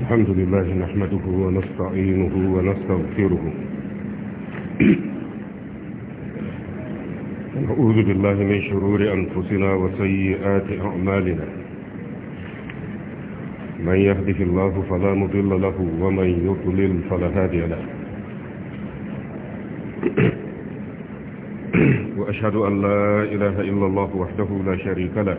الحمد لله نحمده ونستعينه ونستغفره نعوذ بالله من شرور أنفسنا وسيئات أعمالنا من يهده الله فلا مضل له ومن يضلل فلا هادي له وأشهد أن لا إله إلا الله وحده لا شريك له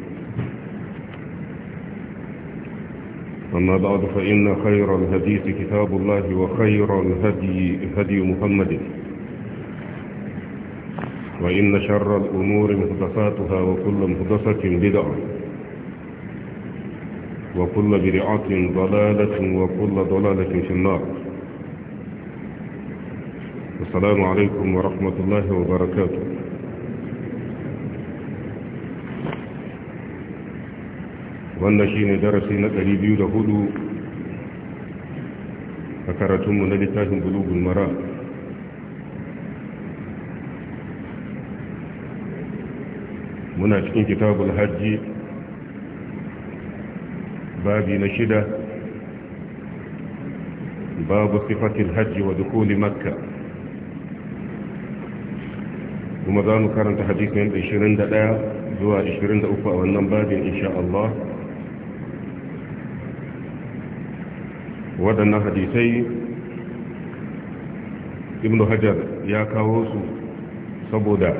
أما بعد فإن خير الهديث كتاب الله وخير الهدي هدي محمد وإن شر الأمور مهدساتها وكل مهدسة بدعة وكل برعة ضلالة وكل ضلالة في النار السلام عليكم ورحمة الله وبركاته wannan ne darasi na 204 a karatunmu na littafin bulugun mara muna cikin kitabul hajji babi na shida babu sifatil hajji wa dukuli makka kuma za mu karanta hadisin 21 zuwa 23 a wannan babin insha Allah waɗannan hadisai ibn hajar ya kawo su saboda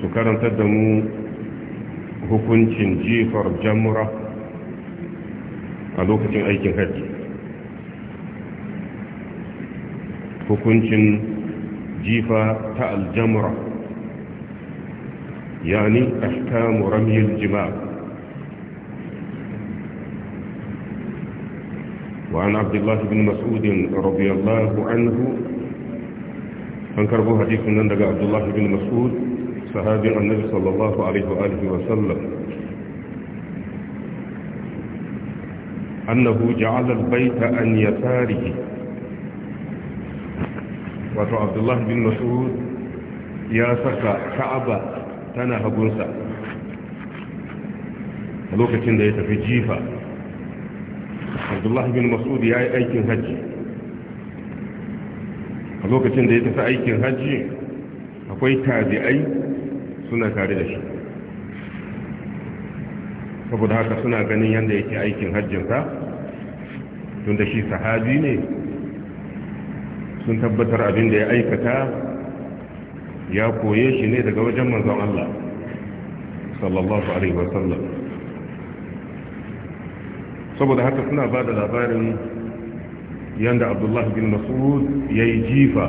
su karantar da mu hukuncin jifar jamura a lokacin aikin hajji hukuncin jifa ta aljamura yani ahkamu ramyil jima'a وعن عبد الله بن مسعود رضي الله عنه أنكره حديث من عبد الله بن مسعود صحابي النبي صلى الله عليه وآله وسلم أنه جعل البيت عن يساره wato عبد الله بن مسعود يا سكا كعبة تنهبونسا a lokacin في ya abdullahi bin mas'ud ya yi aikin hajji a lokacin da ya tafi aikin hajji akwai tabi'ai suna tare da shi saboda haka suna ganin yadda yake aikin hajjinsa tun da shi sahabi ne sun tabbatar abin da ya aikata ya koye shi ne daga wajen manzon Allah sallallahu alaihi wasallam saboda haka suna ba da labarin yadda abdullahi bin mas'ud ya yi jifa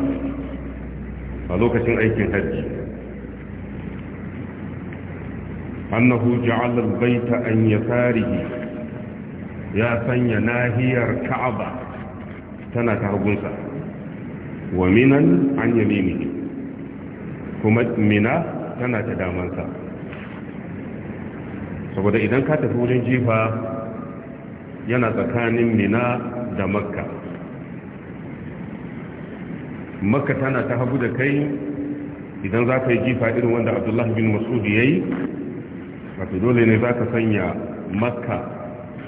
a lokacin aikin hajji annahu ja'al baita an yasarihi ya sanya nahiyar ka'aba tana ta hagunsa wa minan an yaminihi kuma mina tana ta damansa saboda idan ka tafi wurin jifa yana tsakanin mina da makka makka tana ta hagu da kai idan za ka yi jifa irin wanda abdullahi bin masudi ya yi wato dole ne za ka sanya makka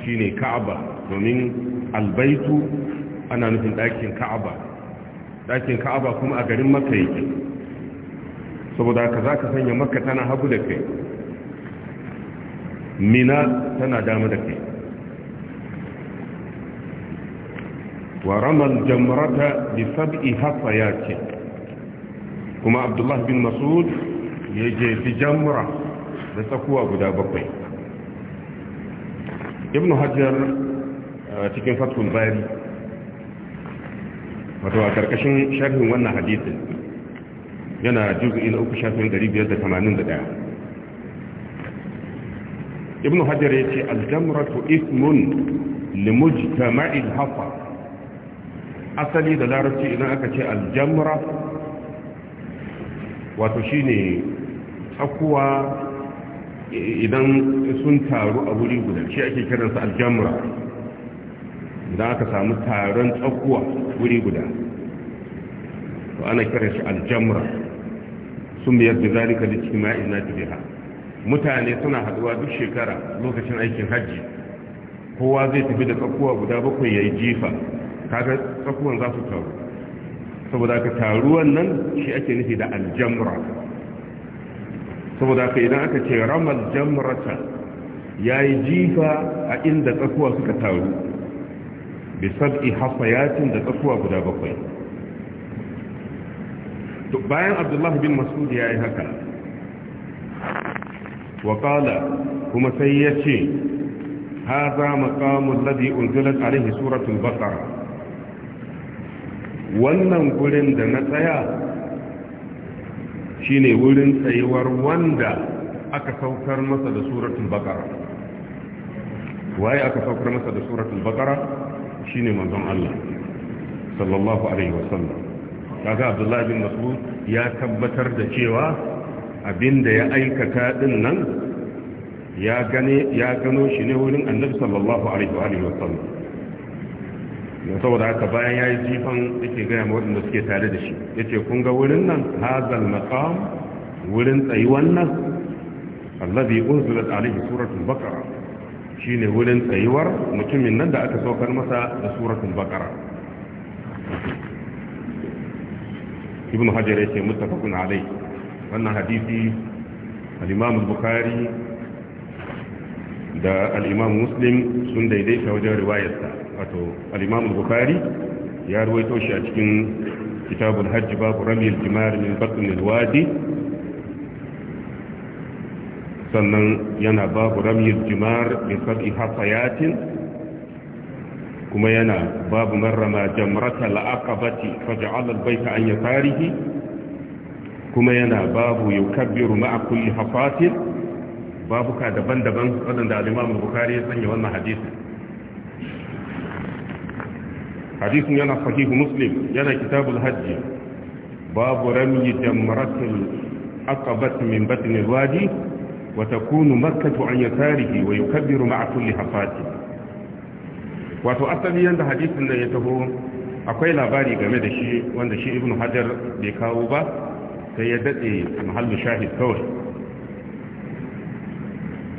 shine ka'aba domin albaitu ana nufin ɗakin ka'aba ɗakin ka'aba kuma a garin makka yake saboda ka za ka sanya makka tana hagu da kai mina tana dama da kai ورمى الجمرة بسبع حصيات كما عبد الله بن مسعود يجي في جمرة لتقوى بدا بقي ابن حجر آه، تكن فتح الباري وتوا كركشن شرح وانا حديث ينا جزء الى اوك شرح من قريب يلد ثمانين دقاء ابن حجر يجي الجمرة اسم لمجتمع الحصر asali da larabci idan aka ce aljamra wato shine tsakuwa idan sun taru a wuri guda shi ake kiransa aljamra idan aka samu taron tsakuwa wuri guda to ana kiran shi aljamra sun biyar da zalika da cikin ma'in na ha. mutane suna haduwa duk shekara lokacin aikin hajji kowa zai tafi da tsakuwa guda bakwai ya yi jifa kaga tsakuwan za su taru saboda ka taruwan nan shi ake nufi da aljamra saboda ka idan aka ce ramal jamrata ya yi jifa a inda tsakuwa suka taru bisab'i hafayatin da tsakuwa guda bakwai bayan abdullahi bin masud ya yi haka Wakala, kuma sai ya ce haza maƙamun ladi unzilat alaihi suratun baqara wannan gurin da na tsaya shi ne wurin tsayuwar wanda aka saukar masa da suratul baqara waye aka saukar masa da suratul shi ne manzon Allah sallallahu alaihi wasallam kaga Abdullahi bin Mas'ud ya tabbatar da cewa abinda ya aikata din nan ya gane ya gano shi ne wurin Annabi sallallahu alaihi wasallam saboda haka bayan ya yi jifan yake gaya waɗanda suke tare da shi ya ce kun ga wurin nan hazal maqam wurin tsayuwan nan allazi unzilat alaihi suratul baqara shine wurin tsayuwar mutumin nan da aka saukar masa da suratul baqara ibn hajar yake muttafaqun alaihi wannan hadisi al-imam al-bukhari da al-imam muslim sun daidaita wajen riwayarsa wato al-imam al-bukhari ya ruwaito shi a cikin kitabul hajj babu rami al-jimar min batn al-wadi sannan yana babu rami al-jimar min sab'i hafayatin kuma yana babu marrama jamrata al-aqabati faj'ala al-bayta an yasarihi kuma yana babu yukabbiru ma'a kulli hafatin babuka daban-daban wadanda al-imam al-bukhari ya sanya wannan hadisin hadisin yana sahihu muslim yana kitabul hajji babu rami jamratul aqabat min batni alwadi wa takunu makkatu an yasarihi wa yukabbiru ma'a kulli hafati wato asali yanda hadisin nan ya taho akwai labari game da shi wanda shi ibnu hajar bai kawo ba sai ya dade mahallu shahid kawai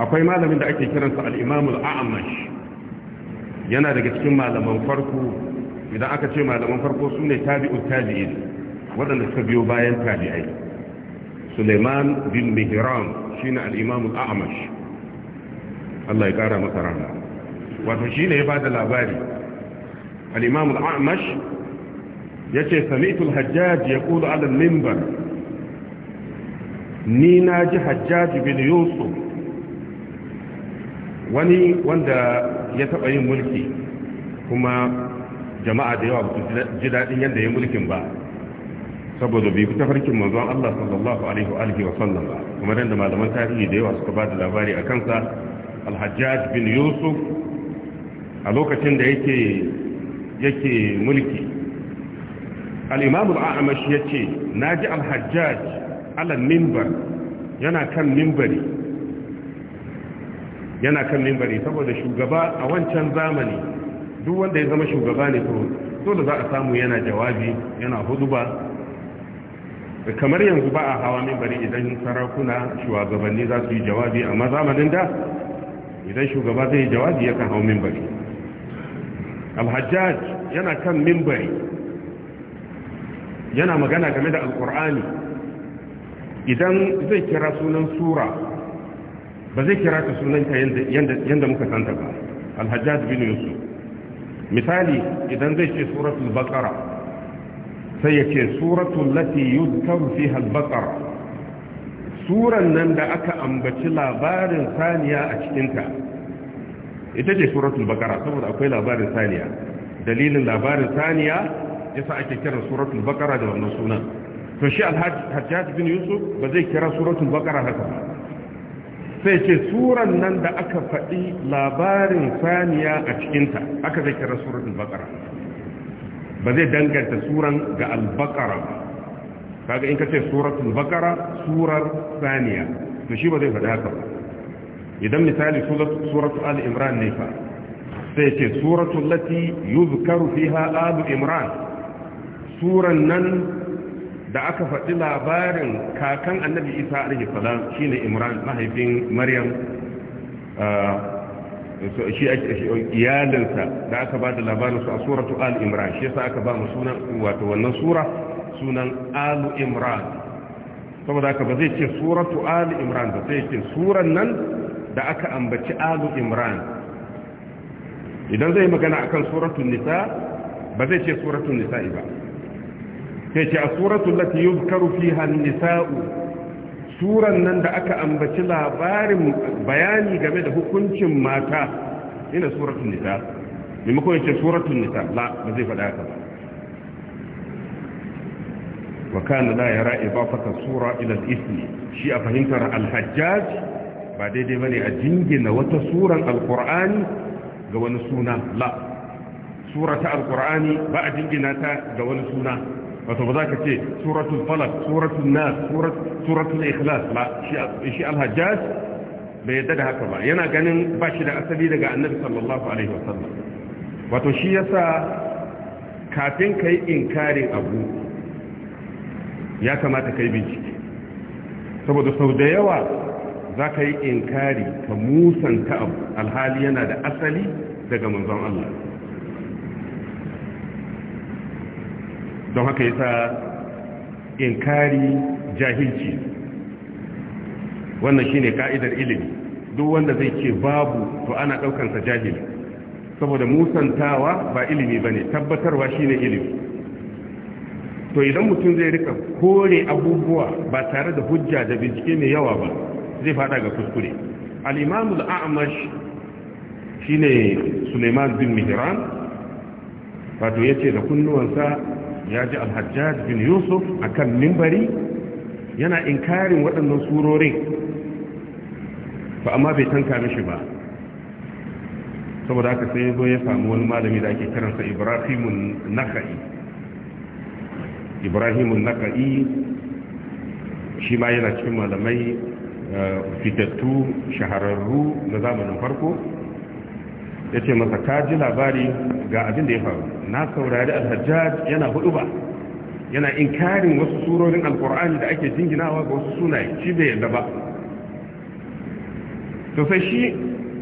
akwai malamin da ake kiransa al-imam yana daga cikin malaman farko idan aka ce malaman farko su ne tabi'ut tabi'in waɗanda suka biyo bayan tabi'ai suleiman bin mihram shi ne imam A'amash. Allah ya kara masa rana wato shine ya bada labari al A'amash ya ce yace sami'tu ya hajjaj yaqulu 'ala al-minbar ni naji hajjaj bin yusuf wani wanda ya taɓa yin mulki kuma jama'a da yawa ba su ji daɗin yadda ya mulkin ba saboda bai ta farkin manzon Allah sallallahu alaihi wa alihi wa sallam ba kuma dan da malaman tarihi da yawa suka ba da labari a kansa al-Hajjaj bin Yusuf a lokacin da yake yake mulki al-Imam al-A'mash yace naji al-Hajjaj ala minbar yana kan minbari yana kan minbari saboda shugaba a wancan zamani duk wanda ya zama shugaba ne to dole za a samu yana jawabi yana huduba kamar yanzu ba a hawa mimbari idan sarakuna shugabanni za su yi jawabi amma zamanin da idan shugaba zai yi jawabi ya kan hau mimbari alhajjaj yana kan mimbari yana magana game da alkur'ani idan zai kira sunan sura ba zai kira ta sunanta yadda muka santa ba alhajjaj bin yusuf misali idan zai ce suratul baqara sai ya ce suratul lati yuzkaru fiha al-baqara suran nan da aka ambaci labarin saniya a cikinta ita ce suratul baqara saboda akwai labarin saniya dalilin labarin saniya yasa ake kira suratul baqara da wannan sunan to shi al-hajjaj bin yusuf ba zai kira suratul baqara haka ba sai ce suran nan da aka faɗi labarin saniya a cikinta aka zai kira suratun ba zai danganta suran ga albakara kaga in ka ce suratun surar saniya to shi ba zai faɗi haka ba idan misali suratun al'imran ne fa sai ce suratun lati yuzkaru fiha alu imran suran nan da aka faɗi labarin kakan annabi isa alaihi salam shine imran mahaifin maryam uh, shi iyalinsa da aka ba da labarin su a suratu al-imran shi yasa aka ba mu sunan wato wannan sura sunan al-imran saboda aka ba zai ce suratu al-imran ba sai ce suran nan da aka ambaci al-imran idan zai magana akan suratun nisa ba zai ce suratun nisa ba sai ce a suratul lati yuzkaru fiha nisa'u suran nan da aka ambaci labarin bayani game da hukuncin mata ina suratul nisa maimakon ya ce suratul nisa la ba zai faɗa haka ba وكان لا يرى إضافة الصورة a jingina wata suran al بعد ga wani suna. La القرآن قوان السنة لا سورة القرآن بعد ga wani suna? wato ba za ka ce suratul falak suratul nas suratul ikhlas ba shi alhajjaj bai yadda da haka ba yana ganin ba shi da asali daga annabi sallallahu alaihi wasallam wato shi yasa kafin ka yi inkarin abu ya kamata ka yi bincike saboda sau da yawa za ka yi inkari ka musanta abu alhali yana da asali daga manzon Allah don haka ya sa inkari jahilci wannan shine ka'idar ilimi duk wanda zai ce babu to ana ɗaukansa saboda musantawa ba ilimi ne tabbatarwa shine ilimi to idan mutum zai rika kore abubuwa ba tare da hujja da bincike mai yawa ba zai fada ga kuskure Alimamul Aamash shi ne Suleiman bin Mihran wato ce da kunnuwansa ya ji alhajjaj bin yusuf a kan mimbari yana inkarin waɗannan surorin ba amma bai tanka mishi ba saboda haka sai ya zo ya samu wani malami da ake kiransa ibrahimun naka'i ibrahimun naka'i shi ma yana cikin malamai eh, fitattu shahararru na zamanin farko ya ce masa ka ji labari ga abin da ya faru na saurari al-hajjaj yana hudu ba yana inkarin wasu surorin alkur'ani da ake jinginawa ga wasu sunaye shi bai yadda ba to sai shi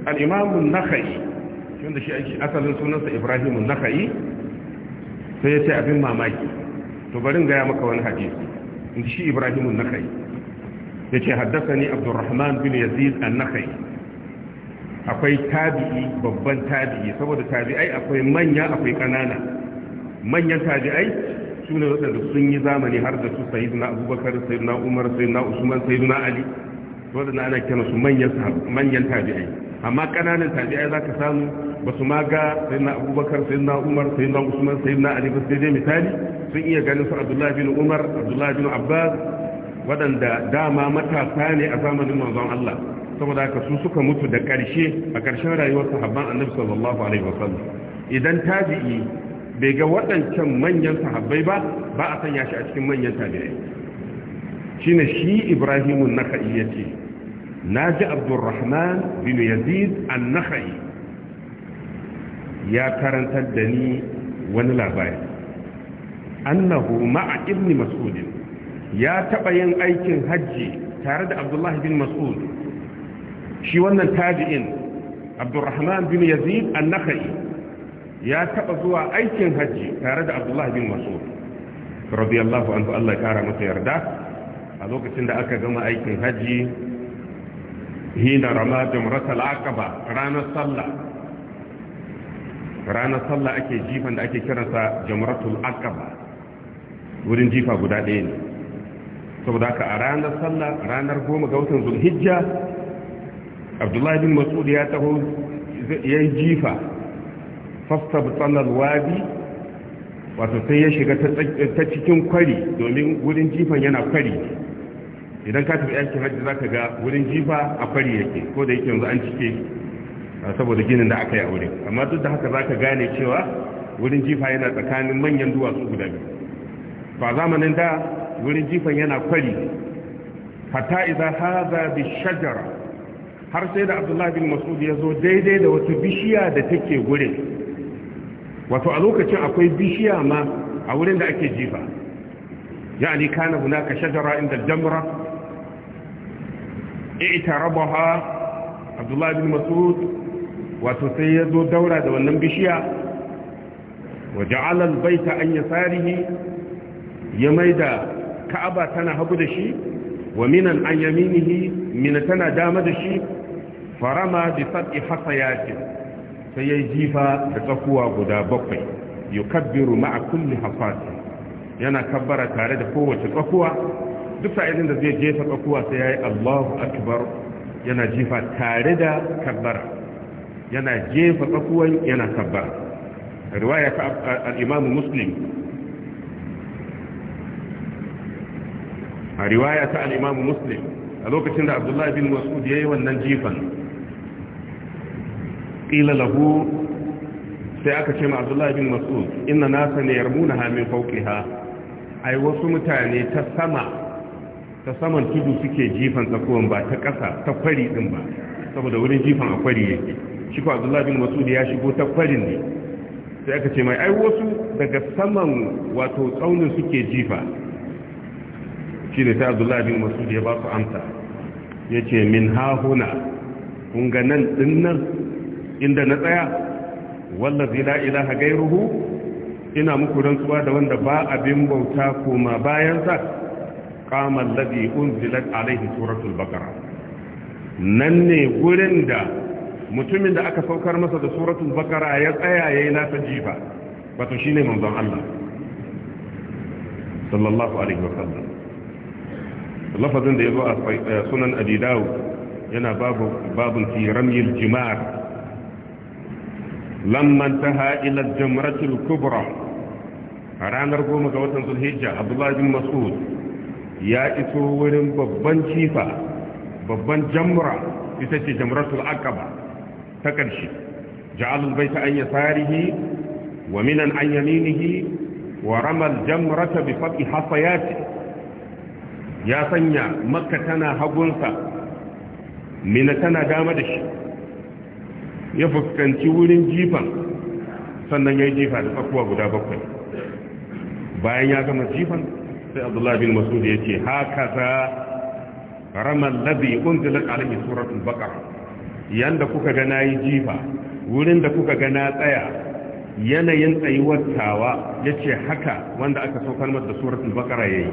al'imamun nakhai wanda shi ake asalin sunansa ibrahimun nakhai sai ya ce abin mamaki to barin gaya maka wani hadisi inda shi ibrahimun nakhai ya ce haddasa ni abdurrahman bin yazid an nakhai akwai tabi'i babban tabi'i saboda tabi'ai akwai manya akwai ƙanana manyan tabi'ai su ne waɗanda sun yi zamani har da su Sayyidina abubakar Sayyidina umar Sayyidina usman Sayyidina ali waɗanda ana kira su manyan tabi'ai amma ƙananan tabi'ai za ka samu ba su ma ga Sayyidina abubakar Sayyidina umar Sayyidina usman Sayyidina ali ba sai dai misali sun iya ganin su abdullahi bin umar abdullahi bin abbas waɗanda dama matasa ne a zamanin manzon allah saboda haka su suka mutu da ƙarshe a ƙarshen rayuwar sahabban annabi sallallahu alaihi wasallam idan tabi'i bai ga waɗancan manyan sahabbai ba ba a sanya shi a cikin manyan tabi'ai shine shi Ibrahimun Nakhai yace naji Abdurrahman bin Yazid an-Nakhai ya karantar da ni wani labari annahu ma'a ibn Mas'ud ya taba yin aikin haji tare da Abdullah bin Mas'ud shi wannan taji'in abdurrahman bin yazid an ya taba zuwa aikin haji tare da Abdullahi bin mas'ud radiyallahu anhu Allah ya kara masa yarda a lokacin da aka gama aikin haji hina rama jumrat aqaba ranar sallah ranar sallah ake jifan da ake kiransa jumratul aqaba wurin jifa guda ɗaya ne saboda haka a ranar sallah ranar goma ga watan zulhijja abdullahi bin masud ya taho ya yi jifa fasta tsallar wadi wato sai ya shiga ta cikin kwari domin wurin jifan yana kwari idan ka tafi yankin hajji za ga wurin jifa a kwari yake ko da yake yanzu an cike saboda ginin da aka yi a wurin amma duk da haka za gane cewa wurin jifa yana tsakanin manyan duwatsu guda biyu ba zamanin da wurin jifan yana kwari hatta idan haza bi shajara har sai da abdullahi bin masud ya zo daidai da wata bishiya da take gurin wato a lokacin akwai bishiya ma a wurin da ake jifa yani kana hunaka shajara inda jamra i'tarabaha abdullahi bin masud wato sai ya zo daura da wannan bishiya wa ja'ala al-baita an yasarihi ya maida ka'aba tana hagu da shi wa minan an yaminihi mina tana dama da shi farama bi sab'i hasayatin sai yayi jifa da tsakuwa guda bakwai yukabbiru ma'a kulli hasati yana kabbara tare da kowace tsakuwa duk sa'ilin da zai jefa tsakuwa sai yayi Allahu akbar yana jifa tare da kabbara yana jefa tsakuwan yana kabbara riwaya ta al-Imam Muslim a riwaya ta al-Imam Muslim a lokacin da Abdullah bin Mas'ud yayi wannan jifan qila lahu sai aka ce ma Abdullahi bin Mas'ud inna nasa ne yarmunaha min fawqiha ai wasu mutane ta sama ta saman tudu suke jifan tsakuwan ba ta ƙasa ta kwari din ba saboda wurin jifan a kwari yake shi ko Abdullahi bin Mas'ud ya shigo ta kwarin ne sai aka ce mai ai wasu daga saman wato tsaunin suke jifa shi ne ta Abdullahi bin Mas'ud ya ba su amsa yace min hahuna kun ga nan dinnan inda na tsaya wallazi la ilaha gairuhu ina muku rantsuwa da wanda ba abin bauta koma bayansa qama alladhi unzilat alaihi suratul baqara nan ne gurin da mutumin da aka saukar masa da suratul baqara ya tsaya yayin nasa jifa wato shine manzon Allah sallallahu alaihi wa sallam. lafazin da yazo a eh, sunan abi dawud yana babu babun fi ramyil jimar lamman taha ila jamratul kubra a ranar goma ga watan zulhijja abdullahi mas'ud ya iso wurin babban cifa babban jamra ita ce jamratul aqaba ta ƙarshe ja'alul ta an yasarihi wa minan an wa ramal jamrata bi faqi hasayati ya sanya makka tana hagunsa mina tana dama da shi ya fuskanci wurin jifan sannan ya yi jifa da tsakuwa guda bakwai bayan ya gama jifan sai abdullahi bin masud ya ce haka za ramar labi unzilar alaƙi suratun baka yadda kuka gana yi jifa wurin da kuka gana tsaya yanayin tsayuwar tawa ya ce haka wanda aka saukar da suratun bakara ya yi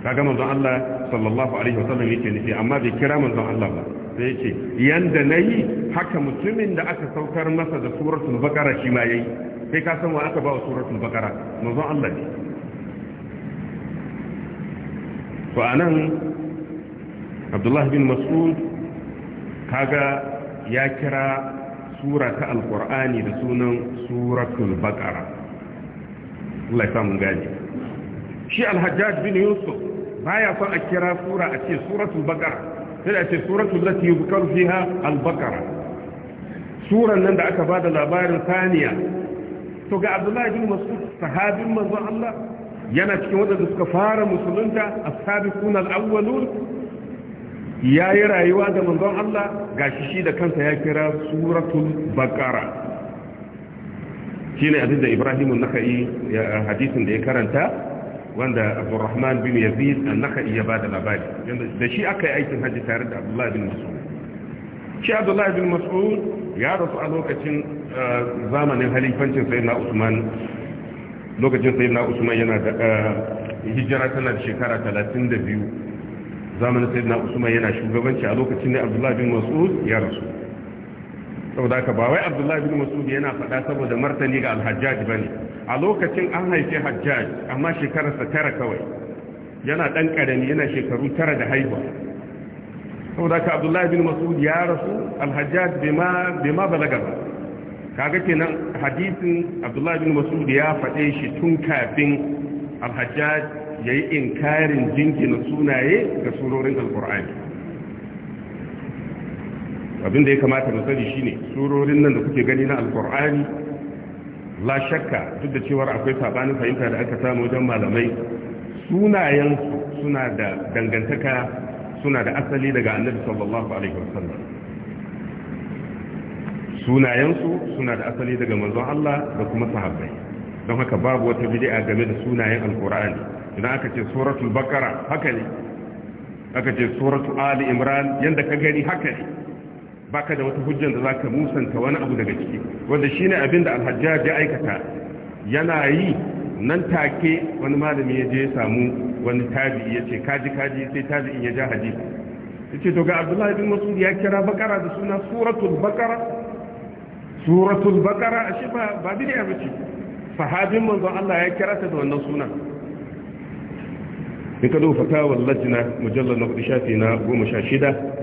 gama manzon Allah sallallahu alaihi wasallam yake nufi amma bai kira manzon Allah ba sai yace yanda nayi haka mutumin da aka saukar masa da suratul baqara shi ma yayi sai ka san wa aka ba suratul baqara manzon Allah ne to anan Abdullah bin Mas'ud kaga ya kira sura ta alqur'ani da sunan suratul baqara Allah ya samu gani shi alhajjaj bin Yusuf baya son a kira sura a ce suratul baqara sai a ce suratul lati fiha suran nan da aka bada labarin saniya to ga abdullahi bin mas'ud sahabin manzon Allah yana cikin wadanda suka fara musulunta as-sabiqun al-awwalun yayi rayuwa da manzon Allah gashi shi da kansa ya kira suratul baqara shine abin da Ibrahim an hadisin da ya karanta wanda abdurrahman bin yazid naka iya ba da labari da shi aka yi aikin hajji tare da abdullahi bin mas'ud shi abdullahi bin mas'ud ya rasu a lokacin uh, zamanin halifancin sayyidina usman lokacin sayyidina usman yana da uh, hijira tana da shekara 32 zamanin sayyidina usman yana shugabanci a lokacin ne abdullahi bin mas'ud ya rasu saboda ka ba wai abdullahi bin masudi yana faɗa saboda martani ga alhajjaj ba ne a lokacin an haife hajjaj amma shekararsa tara kawai yana ɗan ƙarami yana shekaru tara da haihuwa saboda ka abdullahi bin masudi ya rasu alhajjaj bai ma balaga ba kaga kenan hadisin abdullahi bin masudi ya faɗe shi tun kafin alhajjaj ya yi inkarin jinkina sunaye ga surorin alkur'ani abin da ya kamata mu sani shine surorin nan da kuke gani na alqur'ani la shakka duk da cewar akwai sabanin fahimta da aka samu wajen malamai sunayen suna da dangantaka suna da asali daga annabi sallallahu alaihi wasallam sunayen su suna da asali daga manzon Allah da kuma sahabbai don haka babu wata bid'a game da sunayen alqur'ani idan aka ce suratul baqara haka ne aka ce suratul ali imran yanda ka gani haka ne Ba ka da wata hujjar da za ka musanta wani abu daga ciki wanda shi ne abin da al ya aikata yana yi nan take wani malami ya je ya samu wani tabi'i ya ce kaji kaji sai tabi'in ya ja hadisi yace to ga Abdullahi bin Mas'ud ya kira bakara da suna suratul bakara suratul bakara shi ba ba ya bace sahabin manzon Allah ya kira ta da wannan sunan in ka duba fatawar lajina mujallar na shafi na goma sha shida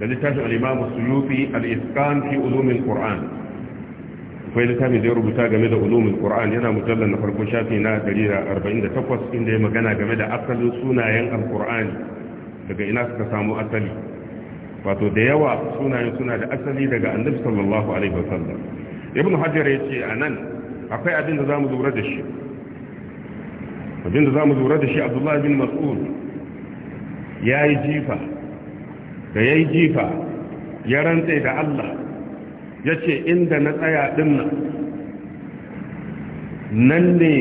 da littafin al-imamu suyuti al-iskan fi ulumul qur'an akwai littafin da ya rubuta game da ulumul qur'an yana mujallar na farko shafi na 148 inda ya magana game da asalin sunayen al-qur'ani daga ina suka samu asali wato da yawa sunayen suna da asali daga annabi sallallahu alaihi wasallam ibnu hajar a nan, akwai abin da zamu lura da shi abin da zamu lura da shi abdullahi bin mas'ud ya yi jifa da ya yi jifa ya rantse da Allah ya ce inda na tsaya dinnan nan ne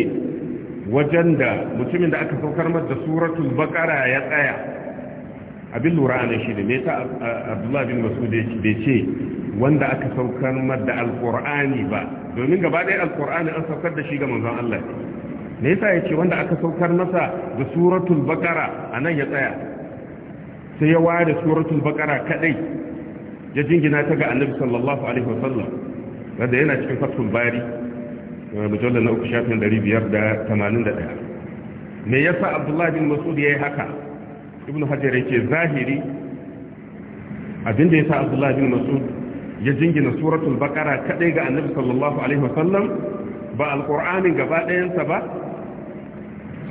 wajen da mutumin da aka saukar mata suratul bakara ya tsaya abin lura ne shi ne ta abdullahi bin masud da ce wanda aka saukar mata alkur'ani ba domin gaba ɗaya alkur'ani an saukar da shi ga manzon Allah ne yasa ya ce wanda aka saukar masa da suratul bakara a nan ya tsaya sai ya ware suratul baqara kadai ya jingina ta ga annabi sallallahu alaihi wasallam wanda yana cikin fathul bari eh, mujallal na uku shafin 581 me yasa abdullahi bin mas'ud yayi haka ibnu hajar yake zahiri abinda yasa abdullahi bin mas'ud ya jingina suratul baqara kadai ga annabi sallallahu alaihi wasallam ba alqur'anin gaba ɗayansa ba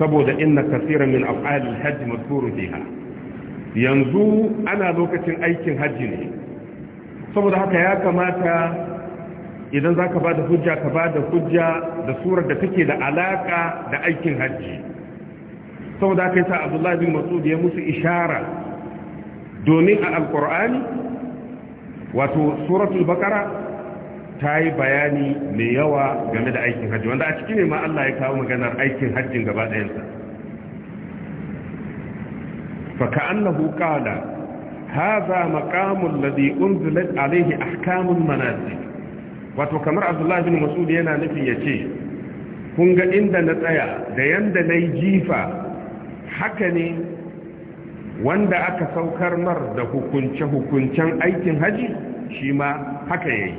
saboda inna kaseeran min af'alil hajj madhkurun fiha yanzu ana lokacin aikin hajji ne saboda haka ya kamata idan za ka ba da hujja ka ba da hujja da surar da take da alaka da aikin hajji saboda haka yasa abdullahi bin masud ya musu ishara domin a alkur'ani wato suratul bakara ta yi bayani mai yawa game da aikin hajji wanda a ciki ne ma Allah ya kawo maganar aikin hajjin gaba ɗayansa فكأنه قال هذا مقام الذي أنزلت عليه أحكام المنازل وتكمر عبد الله بن مسعود ينا نفي tsaya كنغ إند نتايا ديان دني حكني wanda aka saukar mar da hukunce-hukuncen aikin haji shi ma haka ya yi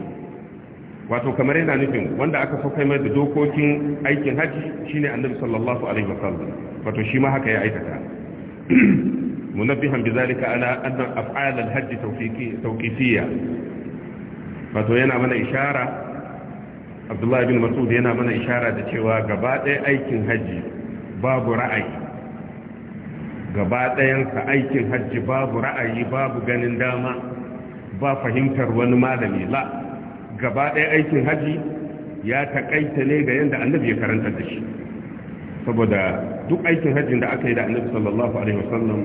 wato kamar yana nufin wanda aka saukar da dokokin aikin haji shine annabi sallallahu alaihi wasallam wato shi ma haka ya aikata munabbihan bizalika ala anna af'al al-hajj tawqifiyya wato yana mana ishara Abdullah ibn Mas'ud yana mana ishara da cewa gaba ɗaya aikin hajji babu ra'ayi gaba ɗayansa aikin hajji babu ra'ayi babu ganin dama ba fahimtar wani malami gaba ɗaya aikin hajji ya taƙaita ne ga yadda annabi ya karanta da shi saboda duk aikin hajjin da aka yi da annabi sallallahu alaihi wasallam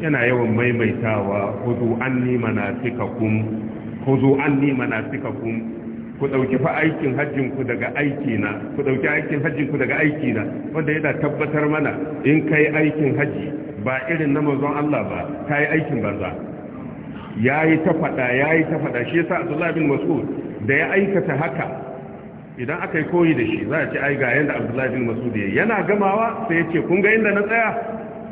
yana yawan maimaitawa kuzu an nima kuzu anni kun ku dauki fa aikin hajjin ku daga aiki na ku dauki aikin hajjin ku daga aiki na wanda yana tabbatar mana in kai aikin haji ba irin na manzon Allah ba kai aikin banza yayi ta fada yayi ta fada shi yasa Abdullah bin Mas'ud da ya aikata haka idan aka yi koyi da shi za a ce ai ga yanda Abdullah bin Mas'ud yana gamawa sai ya ce kun ga inda na tsaya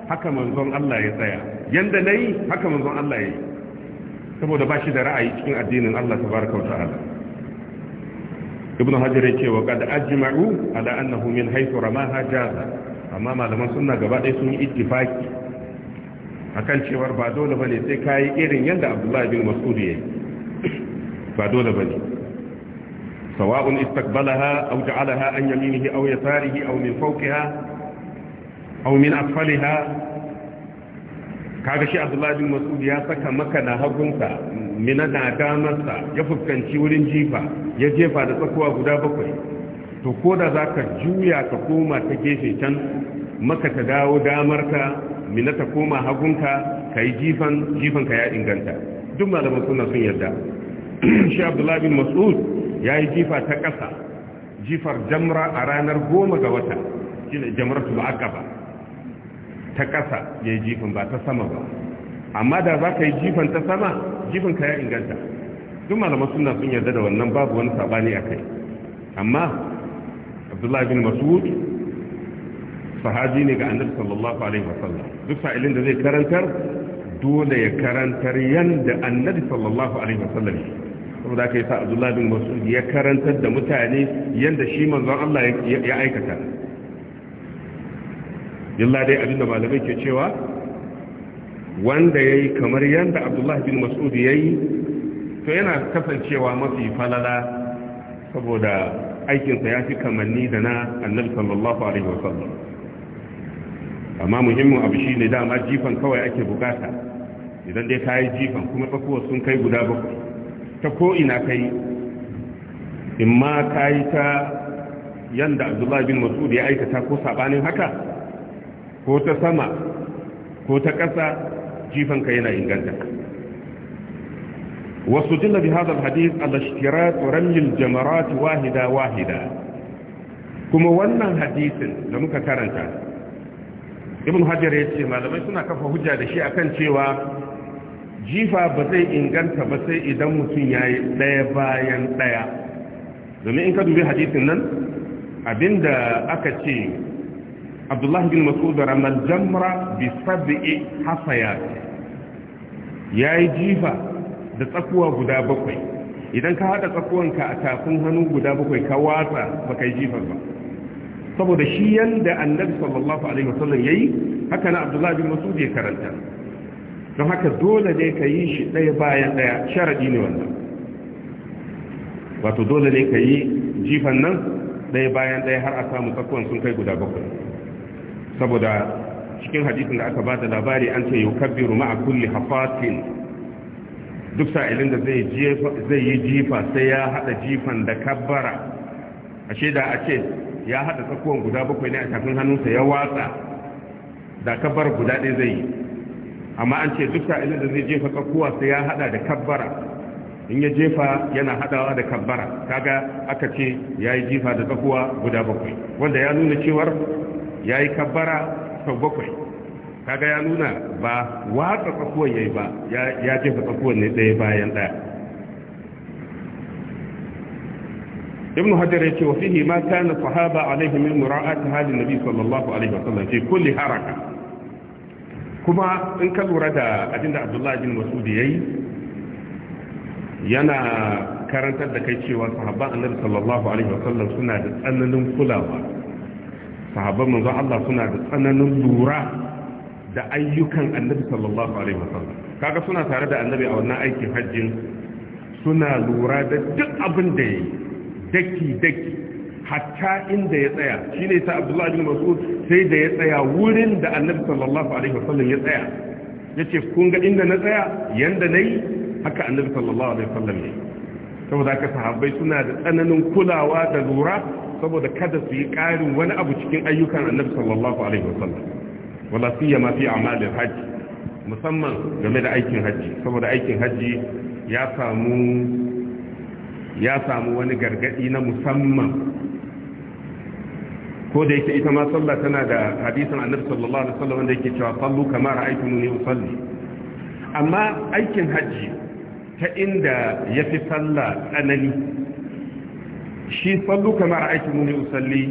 haka manzon Allah ya tsaya yanda nayi haka manzon Allah yayi saboda ba shi da ra'ayi cikin addinin Allah tabaraka wa ta'ala ibn hajar yake wa qad ajma'u ala annahu min haythu ramaha jaza amma malaman sunna gaba ɗaya sun yi ittifaki akan cewar ba dole bane sai kai irin yanda Abdullah bin Mas'ud yayi ba dole bane sawa'un istaqbalaha aw ja'alaha an yaminihi aw yasarihi aw min fawqiha aw min asfaliha kaga shi Abdullahi bin Mas'ud ya saka maka na hagunka, mina damarsa ya fuskanci wurin jifa ya jefa da tsakuwa guda bakwai to ko da zaka juya ka koma ta gefe can maka ta dawo damarka mina ta koma hagunka kai jifan jifan ka ya inganta duk malaman suna sun yarda shi Abdullahi bin Mas'ud ya yi jifa ta ƙasa jifar jamra a ranar goma ga wata shine jamratul aqaba ta ƙasa ya yi jifin ba ta sama ba amma da za ka yi jifan ta sama jifin ka ya inganta duk malaman suna sun yarda da wannan babu wani sabani a kai amma abdullahi bin masud sahabi ne ga annabi sallallahu alaihi wasallam duk sa'ilin da zai karantar dole ya karantar yanda annabi sallallahu alaihi wasallam saboda yi sa abdullahi bin masud ya karantar da mutane yanda shi manzon Allah ya aikata illa dai abinda malamai ke cewa wanda ya yi kamar yadda abdullahi bin mas'ud ya yi to yana kasancewa mafi falala saboda aikinsa ya fi kamanni da na annabi sallallahu alaihi wasallam amma muhimmin abu shi ne dama jifan kawai ake bukata idan dai ka yi jifan kuma tsakuwa sun kai guda bakwai ta ko'ina ina kai in ma ka yi ta yadda abdullahi bin mas'ud ya aikata ko saɓanin haka ko ta sama ko ta ƙasa jifanka yana inganta wasu jina bi hadar hadis alashkira tsoron jamarat wahida wahida kuma wannan hadisin da muka karanta ibn hajjar ya ce malamai suna kafa hujja da shi akan cewa jifa ba zai inganta ba sai idan mutum ya yi ɗaya bayan ɗaya domin in ka dubi hadisin nan abinda aka ce abdullah bin mas'ud ramal jamra bi sab'i ya yayi jifa da tsakuwa guda bakwai idan ka hada tsakuwanka a tafin hannu guda bakwai ka watsa baka yi jifar ba saboda shi yanda annabi sallallahu alaihi wasallam yayi haka na abdullah bin Masudu ya karanta don haka dole ne ka yi shi ɗaya bayan ɗaya sharaɗi ne wannan wato dole ne ka yi jifan nan ɗaya bayan ɗaya har a samu tsakuwan sun kai guda bakwai saboda cikin hadisin da aka bada labari an ce ma a kulli hafatin duk sa'ilin da zai zai yi jifa sai ya hada jifan da kabbara ashe da a ce ya hada tsakuwan guda bakwai ne a tafin hannunsa ya watsa da kabbar guda ɗaya zai yi amma an ce duk sa'ilin da zai jefa tsakuwa sai ya hada da kabbara in ya jefa yana hadawa da kabbara kaga aka ce ya yi jifa da tsakuwa guda bakwai wanda ya nuna cewar ya yi kabbara sau bakwai kaga ya nuna ba watsa tsakuwan ya yi ba ya jefa tsakuwan ne ɗaya bayan ɗaya ibn hajar ya ce wa fihi ma kana sahaba alaihi min mura'ati halin nabi sallallahu alaihi sallam fi kulli haraka kuma in ka lura da abinda abdullahi bin mas'ud yayi yana karantar da kai cewa sahabban annabi sallallahu alaihi sallam suna da tsananin kulawa sahabban manzon Allah suna da tsananin lura da ayyukan annabi sallallahu alaihi wasallam kaga suna tare da annabi a wannan aikin hajjin suna lura da duk abin da yayi daki daki hatta inda ya tsaya shine ta Abdullahi bin Mas'ud sai da ya tsaya wurin da annabi sallallahu alaihi wasallam ya tsaya yace kun ga inda na tsaya yanda nayi haka annabi sallallahu alaihi wasallam ne saboda haka sahabbai suna da tsananin kulawa da lura saboda kada su yi ƙarin wani abu cikin ayyukan annabi sallallahu alaihi wasallam wala siyama fi a'malil hajj musamman game da aikin hajji saboda aikin hajji ya samu ya samu wani gargadi na musamman ko da yake ita ma sallah tana da hadisin annabi sallallahu alaihi wasallam da yake cewa sallu kama ra'aytumuni usalli amma aikin hajji ta inda yafi sallah tsanani shi sallu kamar aiki muni usalli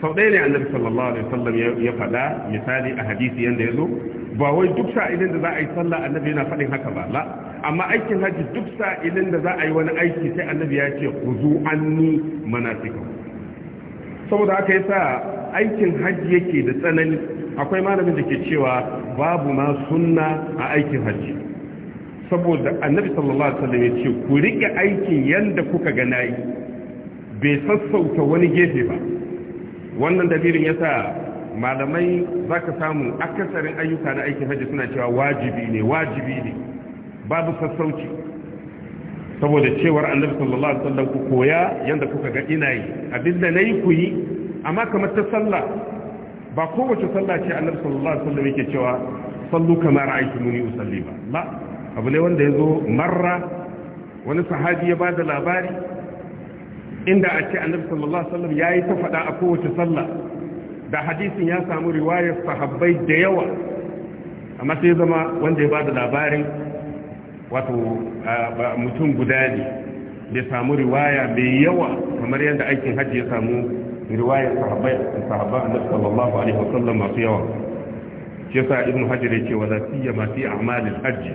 sau ɗaya ne annabi sallallahu alaihi wasallam ya faɗa misali a hadisi yanda ya zo ba wai duk sa'ilin da za a yi sallah annabi yana faɗin haka ba la amma aikin hajji duk sa'ilin da za a yi wani aiki sai annabi ya ce khuzu anni manasikakum saboda haka yasa aikin hajji yake da tsanani akwai malamin da ke cewa babu ma sunna a aikin hajji saboda annabi sallallahu alaihi wasallam ya ce ku riƙe aikin yanda kuka ga nayi bai sassauta wani gefe ba wannan dalilin yasa malamai zaka samu akasarin ayyuka na aikin hajji suna cewa wajibi ne wajibi ne babu sassauci saboda cewar annabi sallallahu alaihi wasallam ku koya yanda kuka ga ina yi abinda nayi ku yi amma kamar ta sallah ba kowace sallah ce annabi sallallahu alaihi wasallam yake cewa sallu kama muni usalli ba abu ne wanda yazo marra wani sahabi ya bada labari inda a ce annabi sallallahu alaihi wasallam yayi ta fada a kowace sallah da hadisin ya samu riwayar sahabbai da yawa amma sai zama wanda ya bada labarin wato mutum guda ne bai samu riwaya mai yawa kamar yadda aikin hajji ya samu riwayar sahabbai sahabba annabi sallallahu alaihi wasallam masu yawa shi yasa ibnu hajar yake wa zatiya ma fi a'malil hajji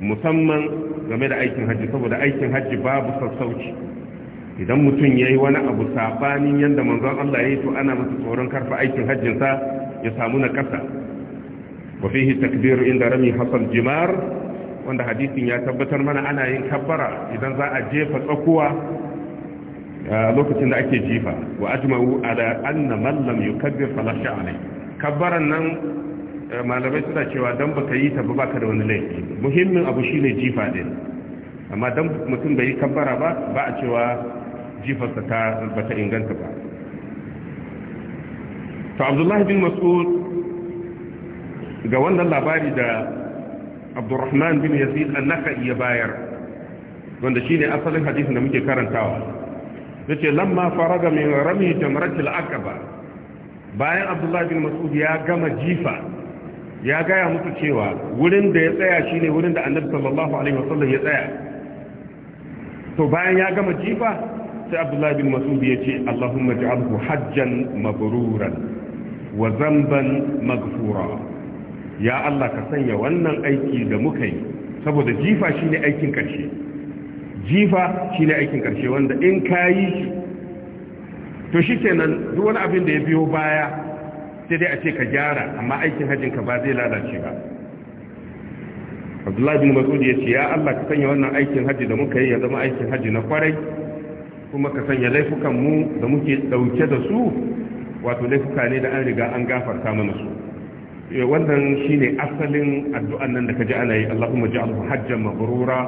musamman game da aikin hajji saboda aikin hajji babu sassauci idan mutum ya yi wani abu sabanin yadda manzon Allah ya yi to ana masa tsoron karfa aikin hajjinsa ya samu na kasa. wa fihi takbiru inda rami hasan jimar wanda hadisin ya tabbatar mana ana yin kabbara idan za a jefa tsakuwa lokacin da ake jifa wa ajma'u ala anna man lam yukabbir fala sha'alai kabbaran nan eh, malamai suna cewa dan baka yi ta ba baka da wani laifi muhimmin abu shine jifa din amma dan mutum bai yi kabbara ba ba a cewa jifarsa ta bata inganta ba to abdullahi bin mas'ud ga wannan labari da abdurrahman bin yazid naka iya bayar wanda shi ne asalin hadisin da muke karantawa ya yace lamma faraga min rami jamratil aqaba bayan abdullahi bin mas'ud ya gama jifa ya gaya musu cewa wurin da ya tsaya shine wurin da annabi sallallahu alaihi wasallam ya tsaya to bayan ya gama jifa sai abdullahi bin masudu ya ce allahumma alku hajjan mabruran wa zamban magfura ya Allah ka sanya wannan aiki da muka yi saboda jifa shi ne aikin karshe jifa shi ne aikin karshe wanda in ka yi to shi shikenan duk wani abin da ya biyo baya sai dai a ce ka gyara amma aikin hajjin ka ba zai lalace ba Abdullahi bin Mas'ud ya ce ya Allah ka sanya wannan aikin hajji da muka yi ya zama aikin hajji na kwarai kuma ka sanya laifukan mu da muke dauke da su wato laifuka ne da an riga an gafarta mana su eh, wannan shine asalin addu'an nan da ka je ana yi Allahumma ja'alhu hajjan mabrura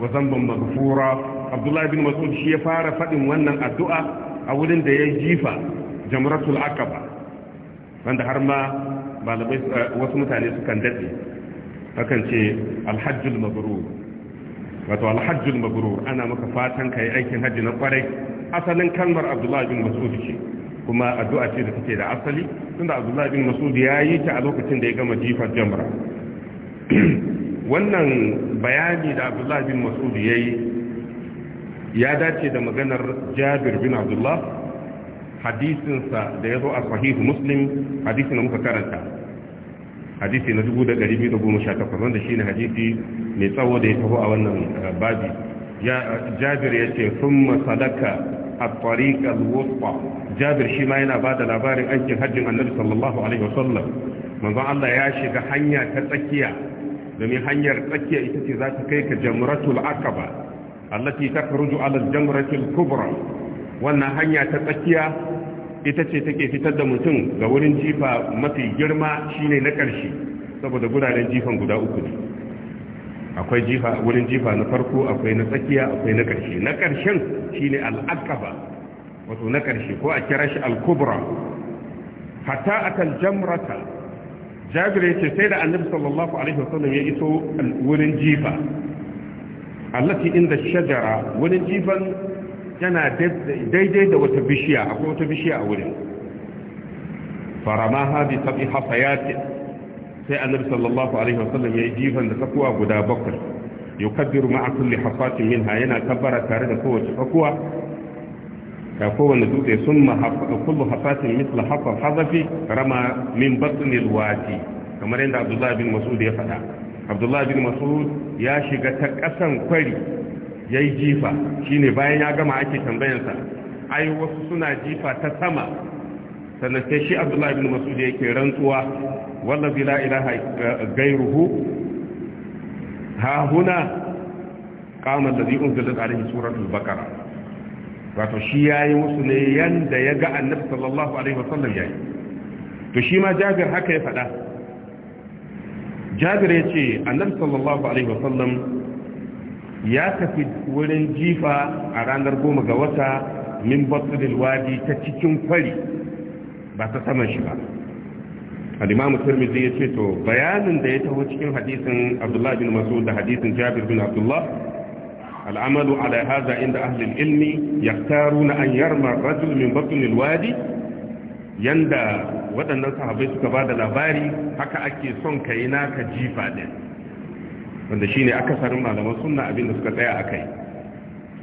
wa zamban maghfura Abdullah ibn Mas'ud shi ya fara fadin wannan addu'a a wurin da ya jifa jamratul aqaba wanda har ma malamai eh, wasu mutane sukan dade akan ce alhajjul mabrur wato alhajjul mabrur ana maka fatan kai aikin haji na kwarai asalin kalmar abdullahi bin mas'ud ce kuma addu'a ce da take da asali tunda abdullahi bin mas'ud ya yi ta a lokacin da ya gama jifar jamra wannan bayani da abdullahi bin mas'ud ya yi ya dace da maganar jabir bin abdullah hadisinsa da ya zo a sahih muslim hadisin da muka karanta hadisi na 2218 wanda shine hadisi mai tsawo da ya taho a wannan eh, babi jabir ya ce thumma sadaka a tariq al jabir shi ma yana da labarin aikin hajjin annabi sallallahu alaihi wasallam manzon Allah ya shiga hanya ta tsakiya domin hanyar tsakiya ita ce za ta kai ka jamratul aqaba allati takhruju ala jamratul kubra wannan hanya ta tsakiya ita ce take fitar da mutum ga wurin jifa mafi girma shine na ƙarshe saboda guraren jifan guda uku ne akwai jifa wurin jifa na farko akwai na tsakiya akwai na ƙarshe na ƙarshen shine al'aqaba wato na ƙarshe ko a kira shi al-kubra hatta atal jamrata jabir yace sai da annabi sallallahu alaihi wasallam ya iso wurin jifa allati inda shajara wurin jifan tana daidai da wata bishiya a wata bishiya a wurin faramaha bi tabi hafayati sai annabi sallallahu alaihi wasallam yayi jifan da tsakuwa guda bakwai yukabbiru ma'a kulli hafatin minha yana kabbara tare da kowace tsakuwa ga kowane dutse sun ma kullu hafatin misla hafar hazafi rama min batnil wadi kamar yadda abdullahi bin masud ya faɗa abdullahi bin masud ya shiga ta ƙasan kwari ya yi jifa ne bayan ya gama ake tambayansa ai wasu suna jifa ta sama sannan sai shi abdullahi bin masudi yake rantsuwa wallazi la ilaha gairuhu ha huna qama allazi unzilat alaihi suratul baqara wato shi ya yi wasu ne yadda ya ga annabi sallallahu alaihi wasallam yi to shi ma jabir haka ya faɗa jabir ya ce annabi sallallahu alaihi wasallam ya tafi wurin jifa a ranar goma ga wata min batsulil wadi ta cikin kwari ba ta saman shi ba al-imam turmizi ya ce to bayanin da ya taho cikin hadisin Abdullahi bin masud da hadisin jabir bin abdullah al'amalu ala hadha inda ahli ilmi yaktaruna an yarma rajul min batsulil wadi yanda waɗannan sahabai suka ba da labari haka ake son kai naka jifa din wanda shine akasarin malaman sunna abinda suka tsaya a kai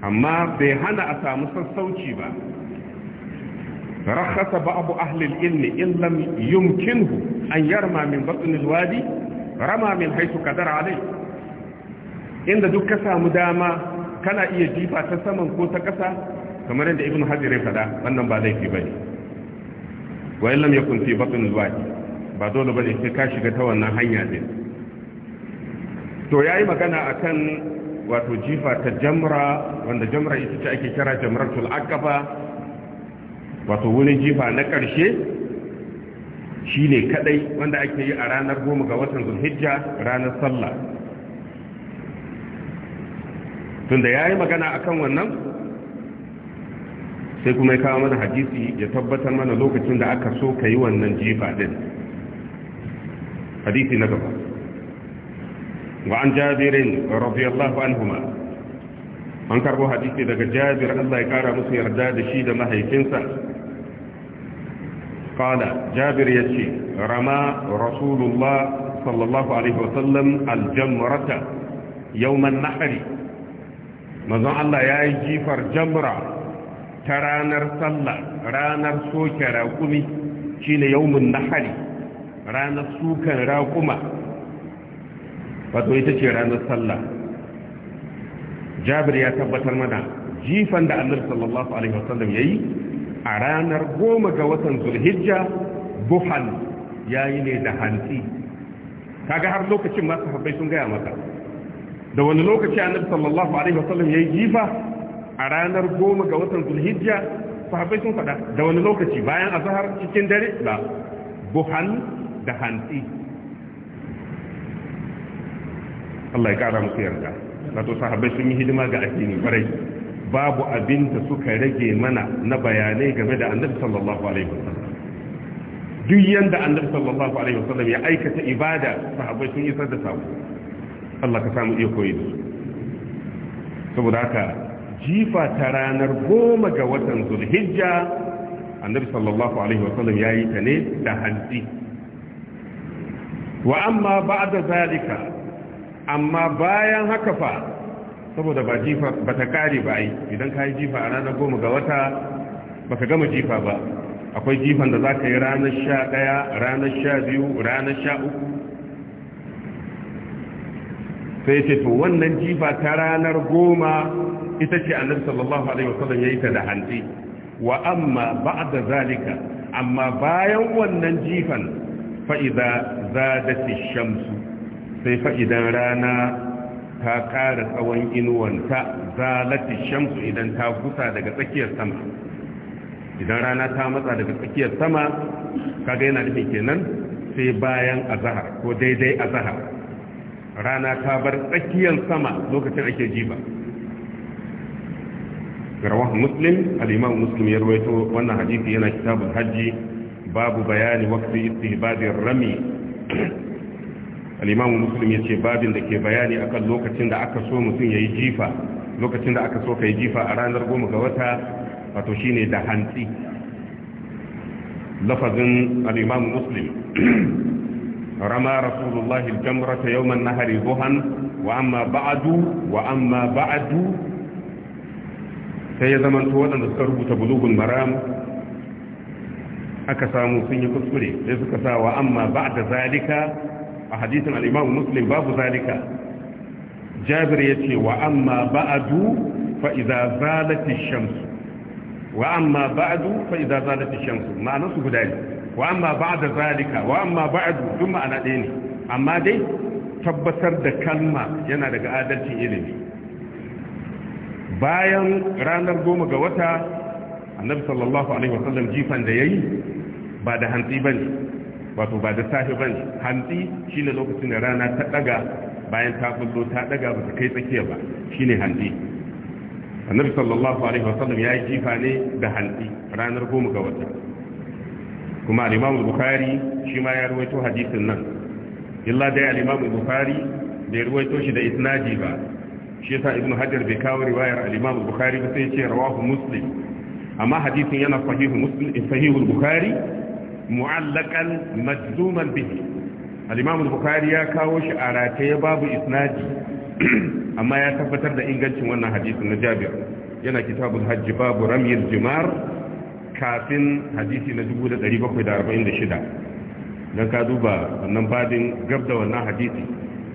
amma bai hana a samu sassauci ba rakhasa ba abu ahlil ilmi in lam yumkinhu an yarma min batn al rama min haythu qadara alai inda duk ka samu dama kana iya jifa ta saman ko ta kasa kamar yadda ibnu hajar ya fada wannan ba laifi bane wa illam yakun fi batn al ba dole bane sai ka shiga ta wannan hanya din to ya yi magana akan kan wato jifa ta jamra wanda jamra ita ce ake kira jamratul akaba wato wurin jifa na ƙarshe shi ne kaɗai wanda ake yi a ranar goma ga watan zulhijja ranar sallah tunda ya yi magana a kan wannan sai kuma ya kawo mana hadisi ya tabbatar mana lokacin da aka so ka yi wannan jifa din hadisi na gaba وعن جابر رضي الله عنهما an karbo hadisi daga jabir Allah ya kara musu yarda da shi da mahaifinsa kala jabir ya ce rama rasulullah sallallahu alaihi wasallam aljamrata yawman nahari mazan Allah ya yi jifar jamra ta ranar sallah ranar soke raƙumi shine yawmun nahari ranar sukan raƙuma wato ita ce ranar sallah jabir ya tabbatar mana jifan da annabi sallallahu alaihi wasallam yi a ranar goma ga watan zulhijja buhan ya yi ne da hanti kaga har lokacin masu haɓai sun gaya maka da wani lokaci annabi sallallahu alaihi wasallam yi jifa a ranar goma ga watan zulhijja haɓai sun faɗa da wani lokaci bayan azahar cikin dare ba buhan da hanti Allah ya kara musu yarda wato sahabbai sun yi hidima ga addini kwarai babu abin da suka rage mana na bayanai game da annabi sallallahu alaihi wasallam duk yanda annabi sallallahu alaihi wasallam ya aikata ibada sahabbai sun isar da sako Allah ka samu iya koyi saboda haka jifa ta ranar goma ga watan zulhijja annabi sallallahu alaihi wasallam ya yi ta ne da hantsi wa amma ba'da zalika amma bayan haka fa saboda ba jifa ba ta kare ba yi idan ka yi jifa a ranar goma ga wata ba ka gama jifa ba akwai jifan da za ka yi ranar sha ɗaya ranar sha biyu ranar sha uku sai ce to wannan jifa ta ranar goma ita ce annabi sallallahu alaihi wasallam yayi ta da hanzi wa amma ba'da zalika amma bayan wannan jifan fa'ida za da shamsu sai fa idan rana ta ƙara tsawon inuwanta zalati shamsu idan ta gusa daga tsakiyar sama idan rana ta matsa daga tsakiyar sama kaga yana nufin kenan sai bayan azahar ko daidai azahar rana ta bar tsakiyar sama lokacin ake jiba garwa muslim al-imam muslim ya rawaito wannan hadisi yana kitabun hajji babu bayani waqti istihbabir rami al'imamu muslim ya ce babin da ke bayani akan lokacin da aka so mutum ya yi jifa lokacin da aka so ka yi jifa a ranar goma ga wata wato shine da hantsi lafazin al'imamu muslim rama rasulullahi jamrata yawman nahari zuhan wa amma ba'adu wa amma ba'adu sai ya zamanto waɗanda suka rubuta bulugun maram aka samu sun yi kuskure sai suka sa wa amma ba'da zalika a hadisin al Muslim babu zalika Jabir ce wa amma ba'adu fa'iza idza zalat ash-shams wa amma ba’adu fa idza zalat ash ma'ana su guda ne wa amma ba'da zalika wa amma ba’adu duk ma'ana ɗaya ne amma dai tabbatar da kalma yana daga adalcin ilimi bayan ranar goma ga wata annabi sallallahu alaihi wasallam jifan da yayi ba da hantsi bane wato ba da safe ba ne hantsi shi ne lokacin da rana ta daga bayan ta kullo ta daga ba ta kai tsakiya ba shi ne hantsi annabi sallallahu alaihi wasallam ya yi jifa ne da hantsi ranar goma ga wata kuma al-imamu bukhari shi ma ya ruwaito hadisin nan illa dai al-imamu bukhari bai ruwaito shi da isnadi ba shi yasa ibn hajar bai kawo riwayar al-imamu bukhari ba sai ya ce rawahu muslim amma hadisin yana sahihu muslim sahihul bukhari mu'allakan majzuman bihi al-imam al-bukhari ya kawo shi a rataye babu isnadi amma ya tabbatar da ingancin wannan hadisin na jabir yana kitabul hajji babu ramyil jimar kafin hadisi na 1746 don ka duba wannan badin gab da wannan hadisi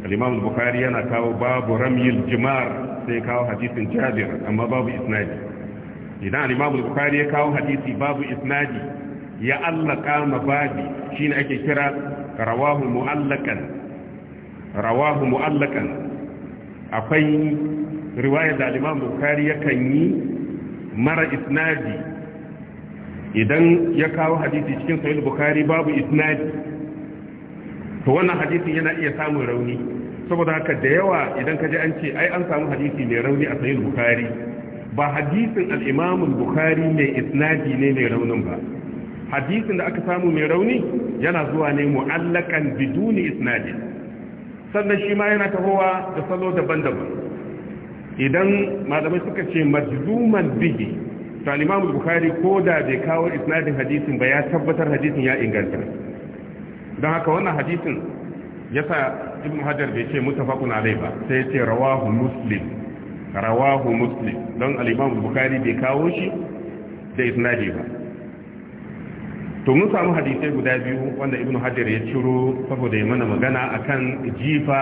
al-imam al-bukhari yana kawo babu ramyil jimar sai kawo hadisin jabir amma babu isnadi idan al-imam al-bukhari ya kawo hadisi babu isnadi ya allaka mabadi shine ake kira rawahu mu'allakan rawahu mu'allakan akwai riwaya da Imam Bukhari yakan yi mara isnadi idan ya kawo hadisi cikin sahih Bukhari babu isnadi to wannan hadisin yana iya samun rauni saboda haka da yawa idan ka ji an ce ai an samu hadisi mai rauni a sahih Bukhari ba hadisin al-Imam Bukhari mai isnadi ne mai raunin ba hadisin da aka samu mai rauni yana zuwa ne mu'allakan biduni isnadi sannan shi ma yana tahowa da salo daban-daban idan malamai suka ce majzuman bihi to al-Imam Bukhari ko da bai kawo isnadin hadisin ba ya tabbatar hadisin ya inganta don haka wannan hadisin yasa Ibn Hajar bai ce mutafaqun alai ba sai ya ce rawahu Muslim rawahu muslim don al bukhari bai kawo shi da isnadi ba to mun samu hadisai guda biyu wanda ibnu hajar ya ciro saboda ya mana magana akan jifa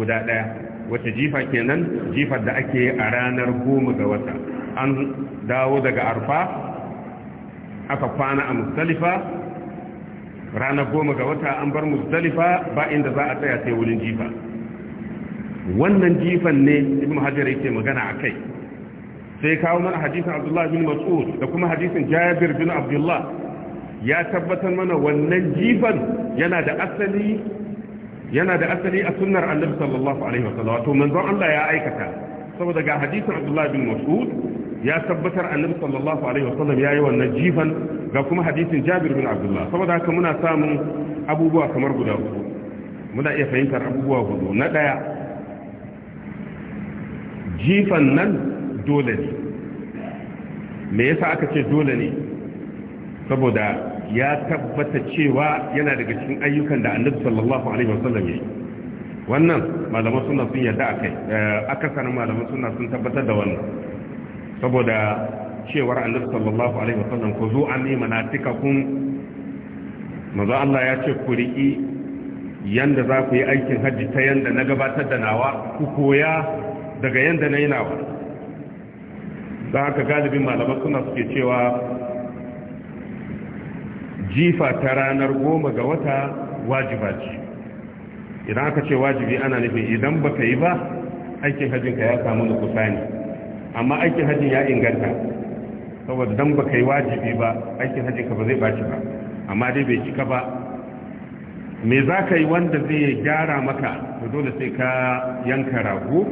guda daya wace jifa kenan jifar da ake a ranar goma ga wata an dawo daga arfa aka kwana a mustalifa ranar goma ga wata an bar mustalifa ba inda za a tsaya sai wurin jifa wannan jifan ne ibn hajar yake magana a kai sai kawo mana hadisin abdullahi bin mas'ud da kuma hadisin jabir bin abdullah ya tabbatar mana wannan jifan yana da asali yana da asali a sunnar annabi sallallahu alaihi wasallam wato manzon Allah ya aikata saboda ga hadisin Abdullah bin Mas'ud ya tabbatar annabi sallallahu alaihi wasallam yayi wannan jifan ga kuma hadisin Jabir bin Abdullah saboda haka muna samun abubuwa kamar guda uku muna iya fahimtar abubuwa hudu na daya jifan nan dole ne me yasa aka ce dole ne saboda ya tabbata cewa yana daga cikin ayyukan da annabi sallallahu alaihi wasallam yayi wannan malaman sunna sun yarda akai eh, akasarin malaman sunna sun tabbatar da wannan saboda cewar annabi sallallahu alaihi wasallam ku zo an yi manatikakum maza Allah ya ce ku riki yanda za ku yi aikin haji ta yanda na gabatar da nawa ku koya daga yanda na yi nawa za haka galibin malaman suna suke cewa jifa ta ranar goma ga wata wajiba ce idan aka ce wajibi ana nufi idan ba ka yi ba aikin ka ya samu da kusa ne amma aikin hajjin ya inganta saboda dan ba ka yi wajibi ba aikin ka ba zai baci ba amma dai bai cika ba me za ka yi wanda zai gyara maka to dole sai ka yanka rago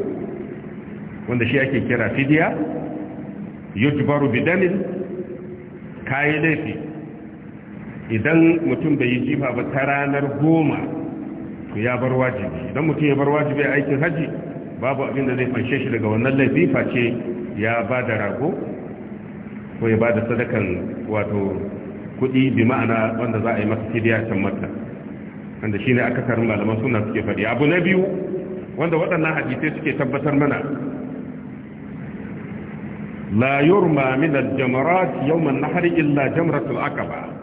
wanda shi ake kira fidiya yujbaru ka yi laifi idan mutum bai yi jifa ba ta ranar goma to ya bar wajibi idan mutum ya bar wajibi a aikin haji babu abin da zai fanshe shi daga wannan laifi face ya ba da rago ko ya ba da sadakan wato kudi bi ma'ana wanda za a yi masa fidiya can mata wanda shi ne karin malaman suna suke faɗi abu na biyu wanda waɗannan hadisai suke tabbatar mana la yurma min al-jamarat yawm an-nahr illa jamratul aqaba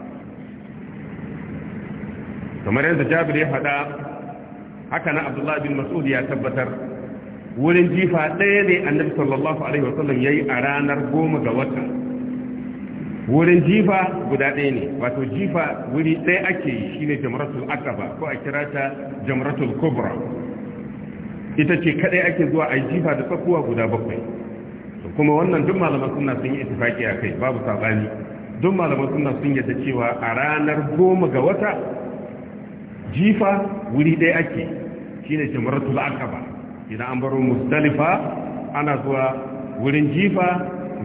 kamar yadda jabir ya faɗa haka na abdullah bin mas'ud ya tabbatar wurin jifa ɗaya ne annabi sallallahu alaihi wasallam yayi a ranar goma ga wata wurin jifa guda ɗaya ne wato jifa wuri ɗaya ake yi shine jamratul aqaba ko a kira ta jamratul kubra ita ce kadai ake zuwa a jifa da tsakuwa guda bakwai kuma wannan duk malaman sunna sun yi itifaki a kai babu sabani duk malaman sunna sun yadda cewa a ranar goma ga wata jifa wuri ɗaya ake shi shine jimaratul akaba idan an baro musdalifa ana zuwa wurin jifa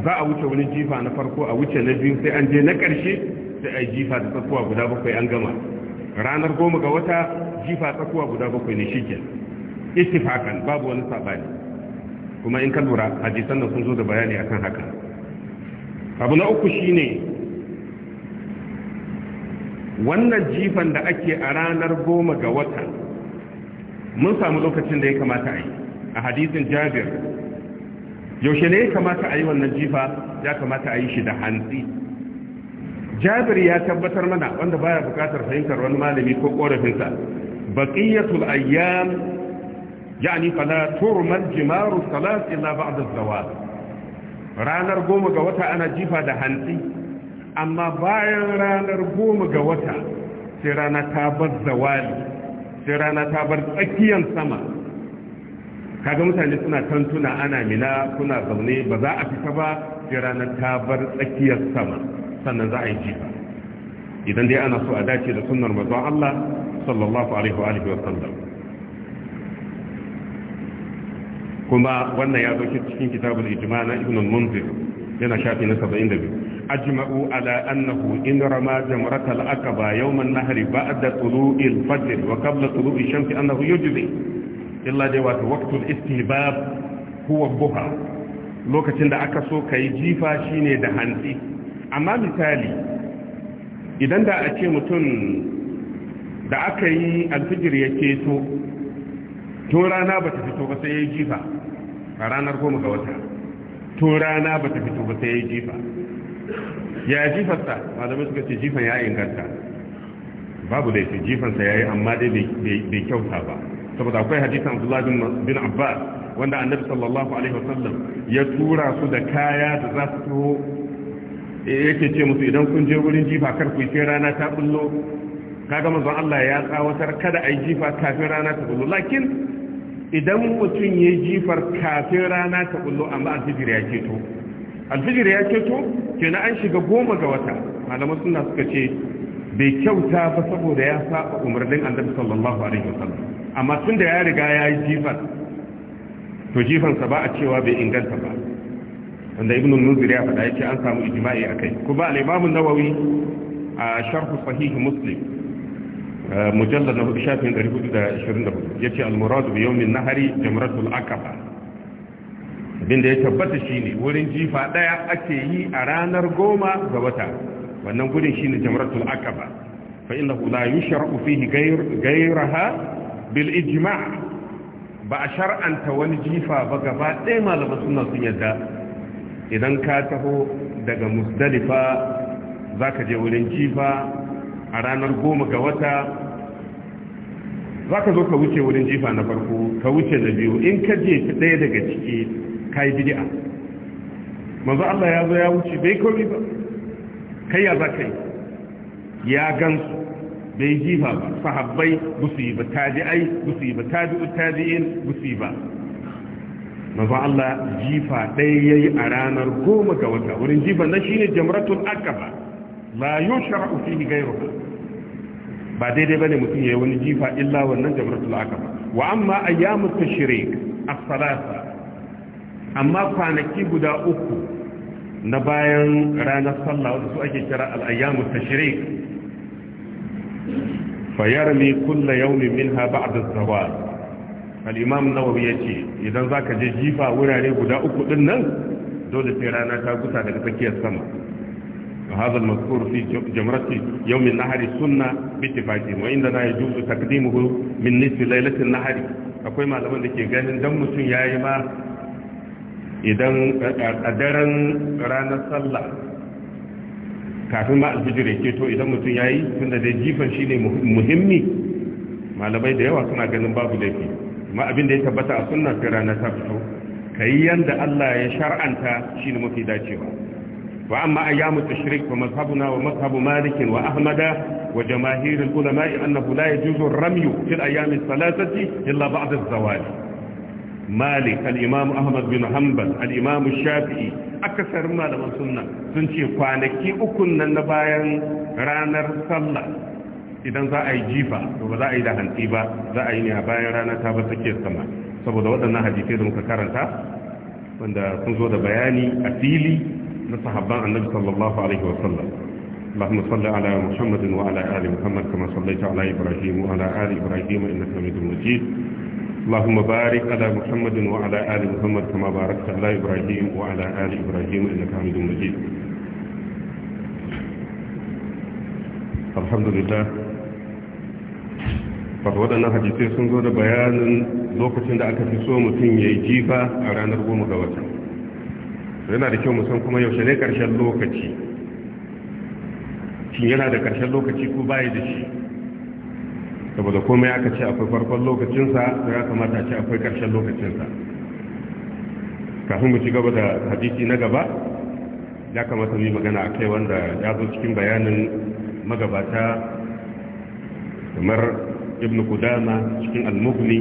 za a wuce wurin jifa na farko a wuce na biyu sai an je na ƙarshe sai a jifa da tsakuwa guda bakwai an gama ranar goma ga wata jifa tsakuwa guda bakwai ne shiken istifakan babu wani sabani kuma in ka lura hadisan nan sun zo da bayani akan haka abu na uku shine wannan jifan da ake a ranar goma ga wata mun samu lokacin da ya kamata a yi a hadisin jabir yaushe ne ya kamata a yi wannan jifa ya kamata a yi shi da hantsi jabir ya tabbatar mana wanda baya bukatar fahimtar wani malami ko korafinsa baqiyatul ayyam yani fala turmal jimaru salat illa ba'da zawal ranar goma ga wata ana jifa da hantsi amma bayan ranar goma ga wata sai rana ta bar zawali sai rana ta bar tsakiyar sama kaga mutane suna tantuna ana mina kuna zaune ba za a fita ba sai rana ta bar tsakiyar sama sannan za a yi jifa idan dai ana so a dace da sunnar mazan Allah sallallahu alaihi wa alihi wa kuma wannan ya zo cikin kitabul ijma na ibn munzir yana shafi na 72 أجمعوا على أنه إن da جمرة الأكبة يوم النهر بعد طلوع الفجر وقبل طلوع الشمس أنه يجزي إلا جوات وقت الاستهباب هو الضحى lokacin da aka so ka yi jifa shine da hantsi amma misali idan da a ce mutum da aka yi alfijir ya keto to rana ba fito ba sai ya yi jifa a ranar goma ga wata to rana bata fito ba sai ya yi jifa ya jifarsa malamai suka ce jifan ya inganta babu da yake jifansa ya yi amma dai bai kyauta ba saboda akwai hadisan abdullah bin abbas wanda annabi sallallahu alaihi wasallam ya tura su da kaya da za su taho eh, yake ce musu idan kun je wurin jifa kar ku sai rana ta bullo kaga manzon Allah ya tsawatar kada ai jifa kafin rana ta bullo lakin idan mutum ya jifar kafin rana ta bullo amma alfijir ya keto to alfijir ya ke na an shiga goma ga wata Malamai suna suka ce bai kyauta ba saboda ya saba umarnin annabi sallallahu alaihi wasallam amma tun da ya riga ya yi jifan to jifansa ba a cewa bai inganta ba wanda ibn nuzir ya faɗa yake an samu ijma'i akai kuma al-imam an-nawawi a sharh sahih muslim mujallad na shafin hudu 424 yace al-murad bi yawmin nahari jamratul aqaba da ya tabbata shine wurin jifa ɗaya ake yi a ranar goma ga wata wannan gurin shine jamratul aqaba fa innahu la yushra'u fihi ghayr gairaha bil ijma' ba a shar'anta wani jifa ba gaba ɗaya malaman suna sun yadda idan ka taho daga musdalifa za ka je wurin jifa a ranar goma ga wata za ka zo ka wuce wurin jifa na farko ka wuce na biyu in ka je ɗaya daga ciki kai bid'a manzo Allah ya zo ya wuce bai komi ba kai ya za kai ya gansu bai jifa ba sahabbai busu yi ba tabi'ai busu yi ba tabi'u tabi'in busu yi ba manzo Allah jifa ɗaya ya yi a ranar goma ga wata wurin jifa na shine jamratul aqaba la yushra'u fihi ghayruha ba daidai ba ne mutum ya yi wani jifa illa wannan jamratul aqaba wa amma ayyamut tashrik as-salasa amma kwanaki guda uku na bayan ranar sallah wanda su ake kira al'ayyamu ta fayar fayarmi kulla yawmin minha ba'da az-zawal al’imam imam an ya ce idan ka je jifa wurare guda uku din nan dole sai rana ta gusa daga tsakiyar sama هذا nahari suna جمرة يوم ma inda na yi يجوز تقديمه min nisi lailatin nahari akwai malaman da ke ganin dan mutum ya yi ma idan a daren ranar sallah kafin ma alfijir ya to idan mutum ya yi tun da dai jifan shi ne muhimmi malamai da yawa suna ganin babu laifi ma abin da ya tabbata a sunna fi ranar ta fito ka yi yadda Allah ya shar'anta shi ne mafi dacewa wa amma a ta tashrik wa mazhabuna wa mazhabu malikin wa ahmada wa jamahirin ulama'i annahu la yajuzu ar-ramyu fil ayyamin thalathati illa ba'da az-zawali malik al'imamu ahmad bin hanbal al'imamu shafi'i akasar malaman sunna sun ce kwanaki ukun nan na bayan ranar sallah idan za a yi jifa to ba za a yi da hantsi ba za a yi ne a bayan ranar ta ba take sama saboda waɗannan hadisai da muka karanta wanda sun zo da bayani a fili na sahabban annabi sallallahu alaihi wasallam اللهم صل على محمد وعلى آل محمد كما صليت على إبراهيم وعلى آل إبراهيم إنك حميد مجيد اللهم بارك على محمد waɗannan hadisai sun zo da bayanin lokacin da aka fi so mutum ya yi jifa a ranar goma ga wata yana da kyau musan kuma yaushe ne ƙarshen lokaci shin yana da karshen lokaci ko baya da shi saboda komai aka ce akwai farkon lokacinsa ya kamata ce akwai ƙarshen lokacinsa kafin mu ci gaba da hadisi na gaba ya kamata mu yi magana a kai wanda ya zo cikin bayanin magabata kamar ibn kudama cikin al-mughni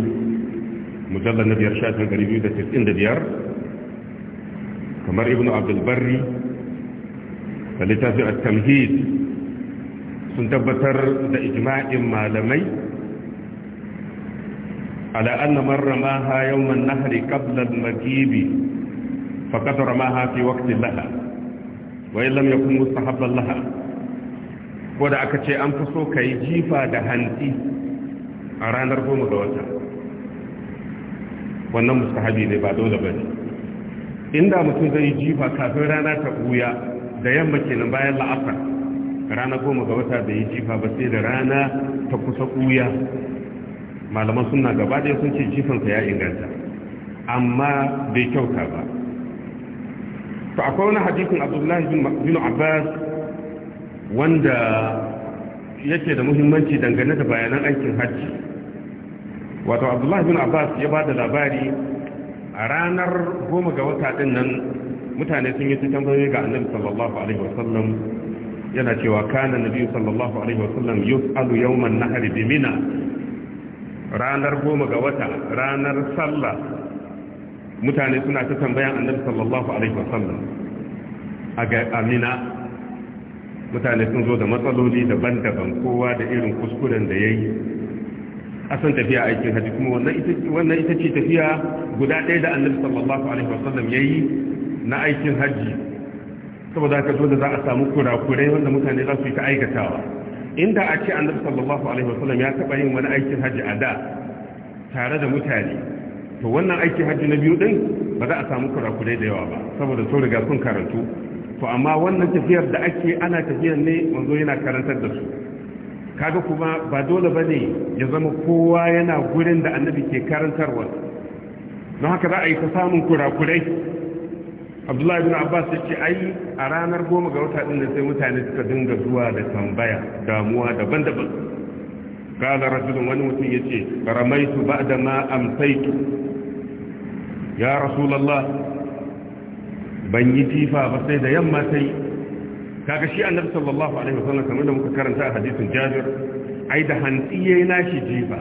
mujallal na biyar shafin gari biyu da tisin da biyar kamar ibn abdulbarri da littafin at-tamhid sun tabbatar da ijma'in malamai على أن من رماها يوم النهر قبل المجيب فقد رماها في وقت لها وإن لم يكن مستحبا لها wadda aka ce an fi so ka yi jifa da hanti a ranar goma ga wata wannan mustahabi ne ba dole ba ne inda mutum zai yi jifa kafin rana ta ɓuya da yamma kenan bayan la'asar rana goma ga wata da yi jifa ba sai da rana ta kusa ɓuya malaman suna gaba ɗaya sun ce jifansa ya inganta amma bai kyauta ba to akwai wani hadisin abdullahi bin abbas wanda yake da muhimmanci dangane da bayanan aikin hajji wato abdullahi bin abbas ya ba da labari a ranar goma ga wata ɗin nan mutane sun yi tambayoyi ga annabi sallallahu alaihi wasallam yana cewa kana nabi sallallahu alaihi wasallam yus'alu yawman nahri bi mina ranar goma ga wata ranar sallah mutane suna ta tambayan annabi sallallahu alaihi wasallam a ga amina mutane sun zo da matsaloli daban-daban kowa da irin kuskuren da ya yi a san tafiya aikin haji kuma wannan ita ce tafiya guda ɗaya da annabi sallallahu alaihi wasallam ya yi na aikin haji. saboda haka zo da za a samu kurakurai wanda mutane za su yi ta aikatawa inda a ce annabi sallallahu alaihi wasallam ya taɓa yin wani aikin haji a da tare da mutane to wannan aikin haji na biyu din ba za a samu kurakurai da yawa ba saboda sun riga sun karantu to amma wannan tafiyar da ake ana tafiyar ne manzo yana karantar da su kaga kuma ba dole ba ne ya zama kowa yana gurin da annabi ke karantarwa don haka za a yi ta samun kurakurai abdullahi ibn abbas ya ce ai a ranar goma ga wata ɗin da sai mutane suka dinga zuwa da tambaya damuwa daban-daban kala rasulun wani mutum ya ce ramaitu ba da ma amsaitu ya rasulallah ban yi jifa ba sai da yamma sai kaga shi annabi sallallahu alaihi wasallam kamar da muka karanta a hadisin jabir ai da hantsi yayi nashi jifa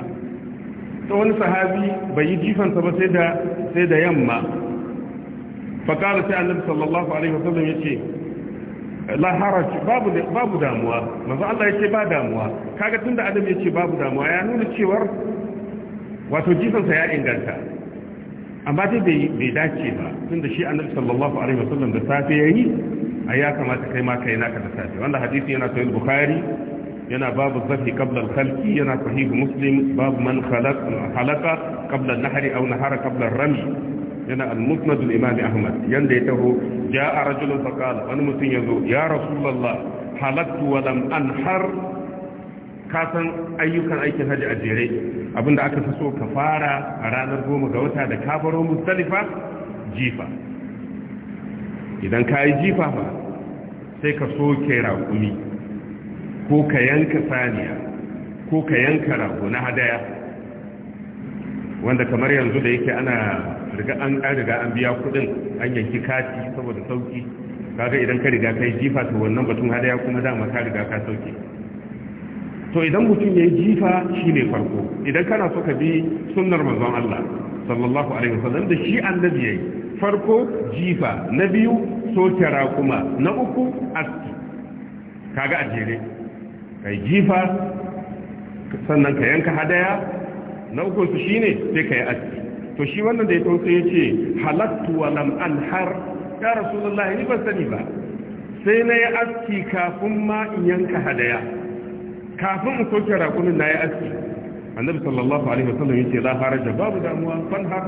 to wani sahabi bai yi jifansa ba sai da sai da yamma faƙara sai annabi sallallahu alaihi wasallam ya ce la haraj babu babu damuwa manzo Allah ya ce ba damuwa kaga tunda adam ya ce babu damuwa ya nuna cewar wato jifansa ya inganta amma dai bai dace ba tunda shi annabi sallallahu alaihi wasallam da safe yayi ai ya kamata kai ma kai naka da safe wannan hadisi yana sahih bukhari yana babu zafi qabla al-khalqi yana sahih muslim babu man khalaqa khalaqa qabla an-nahri aw nahara qabla ar-rami yana al-musnad imam ahmad yanda ya taho ja'a rajulun faqala wani mutum yazo ya rasulullah halaktu wa lam anhar har kasan ayyukan aikin haji a jere abinda aka fi so ka fara a ranar goma ga wata da ka baro mustalifa jifa idan ka yi jifa sai ka soke raƙumi ko ka yanka saniya ko ka yanka rago na hadaya wanda kamar yanzu da yake ana riga an riga an biya kudin an yanki kati saboda sauki kaga idan ka riga kai jifa to wannan batun hadaya kuma dama ka riga ka sauke to idan mutum ya yi jifa shine farko idan kana so ka bi sunnar manzon Allah sallallahu alaihi wasallam da shi annabi yayi farko jifa na biyu sotara kuma na uku asti kaga ajere kai jifa sannan ka yanka hadaya na uku su shine sai kai asti to shi wannan da ya tausa ya ce halattu wa lam har ya rasulullah ni ba sani ba sai na yi aski kafin ma in yanka hadaya kafin in soke rakunin na yi aski annabi sallallahu alaihi wasallam ce la haraja babu damuwa sai ga fanhar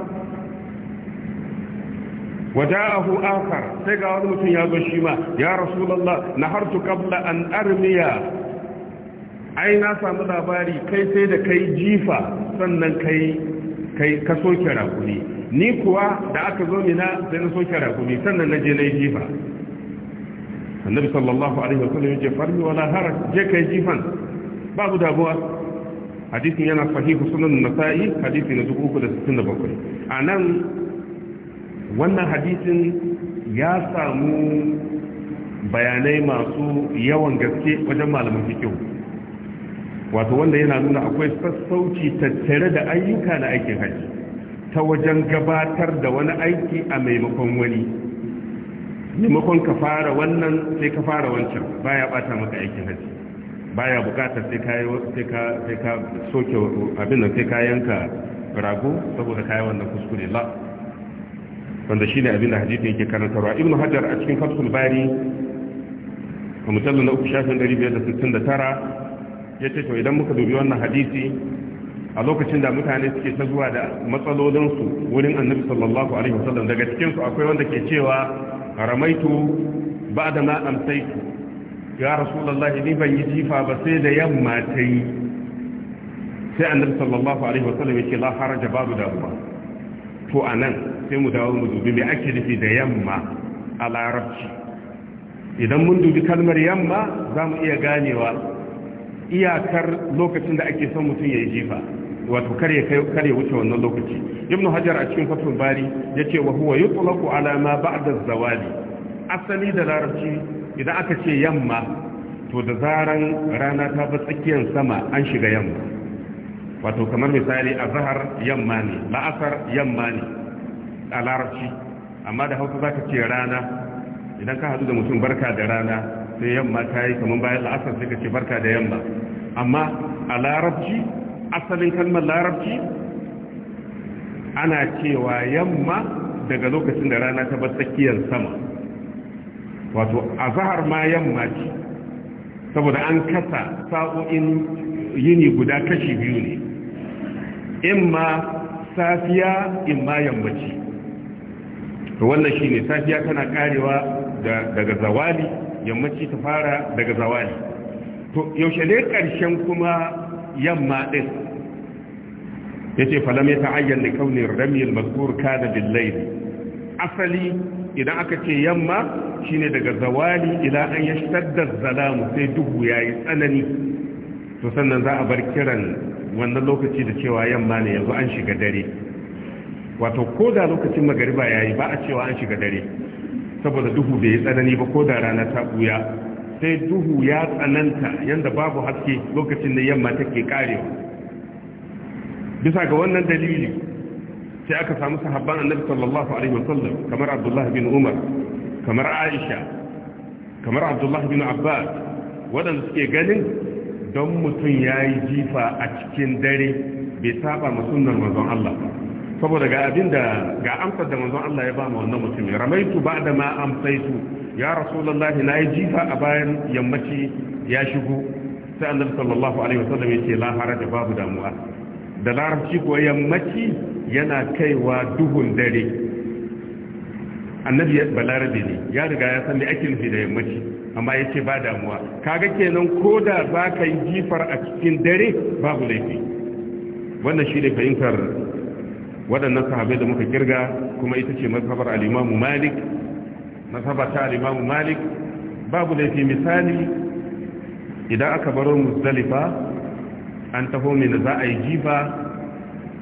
وجاءه آخر سيقى أدمت يا بشيما يا رسول الله نهرت قبل أن أرمي أين labari kai sai da kai jifa sannan kai. kai ka soke rakumi ni kuwa da aka zo mina sai na soke rakumi sannan na je na yi jifa annabi sallallahu alaihi wa sallam yace farmi wala harak je kai jifan babu damuwa hadisin yana sahihu sunan nasa'i hadisi na 367 anan wannan hadisin ya samu bayanai masu yawan gaske wajen malaman fikihu wato wanda yana nuna akwai sassauci tattare da ayyuka na aikin hajji ta wajen gabatar da wani aiki a maimakon wani maimakon ka fara wannan sai ka fara wancan baya bata maka aikin hajji baya bukatar sai ka sai ka soke abin da sai ka yanka rago saboda kayi wannan kuskure la wanda shine abin da hadisi yake karantarwa ibnu hajar a cikin fathul bari a mujallal na uku shafin 569 ya ce to idan muka dubi wannan hadisi a lokacin da mutane suke ta zuwa da matsalolinsu wurin annabi sallallahu alaihi wasallam daga cikinsu akwai wanda ke cewa ramaitu ba da ma amsaitu ya rasulullahi ni ban yi jifa ba sai da yamma ta yi sai annabi sallallahu alaihi wasallam ce la haraja babu ruwa. to a nan sai mu dawo mu dubi me ake nufi da yamma a larabci idan mun dubi kalmar yamma za mu iya ganewa iyakar lokacin da ake son mutum ya yi jifa wato kare wuce wannan lokaci ibnu hajar a cikin fatul bari yace wa huwa yutlaqu ala ma ba'da zawali asali da larabci idan aka ce yamma to da zaran rana ta ba tsakiyar sama an shiga yamma wato kamar misali azhar yamma ne la'asar yamma ne a larabci amma da hausa zaka ce rana idan ka hadu da mutum barka da rana sai yamma ta yi kamar bayan la'asar sai ka ce barka da yamma amma a larabci asalin kalmar larabci ana cewa yamma daga lokacin da rana ta tsakiyar sama wato a zahar ma yamma ce saboda an kasa sa'o'in yini guda kashi biyu ne in ma safiya in ma yammaci to wannan ne safiya tana karewa daga zawali yammaci ta fara daga zawali to yaushe ne ƙarshen kuma yamma ɗin ya ce falam ya ta'ayyar da kaunin ramiyar mazkur kada billaili asali idan aka ce yamma shine daga zawali ila an ya shaddar zalamu sai duhu ya yi tsanani to sannan za a bar kiran wannan lokaci da cewa yamma ne yanzu an shiga dare wato ko da lokacin magariba ya yi ba a cewa an shiga dare saboda duhu bai yi tsanani ba ko da rana ta buya sai duhu ya tsananta yadda babu haske lokacin da yamma take karewa bisa ga wannan dalili sai aka samu sahabban annabi sallallahu alaihi wasallam kamar abdullahi bin umar kamar aisha kamar abdullahi bin abbas waɗanda suke ganin don mutum ya yi jifa a cikin dare bai saba ma sunnar manzon Allah ba saboda ga abin da ga amsar da manzon Allah ya ba ma wannan mutumin ramaitu ba da ma amsaitu ya rasulullahi na yi jifa a bayan yammaci ya shigo sai annabi sallallahu alaihi wasallam ya ce la haraja babu damuwa da larabci ko yammaci yana kaiwa duhun dare annabi balarabe ne ya riga ya san me ake nufi da yammaci amma ya ce ba damuwa kaga kenan ko da za ka yi jifar a cikin dare babu laifi wannan shi ne fahimtar waɗannan sahabai da muka kirga kuma ita ce mazhabar al-Imam Malik mazhabar ta al Malik babu laifi misali idan aka baro Muzdalifa an taho ne za a yi jifa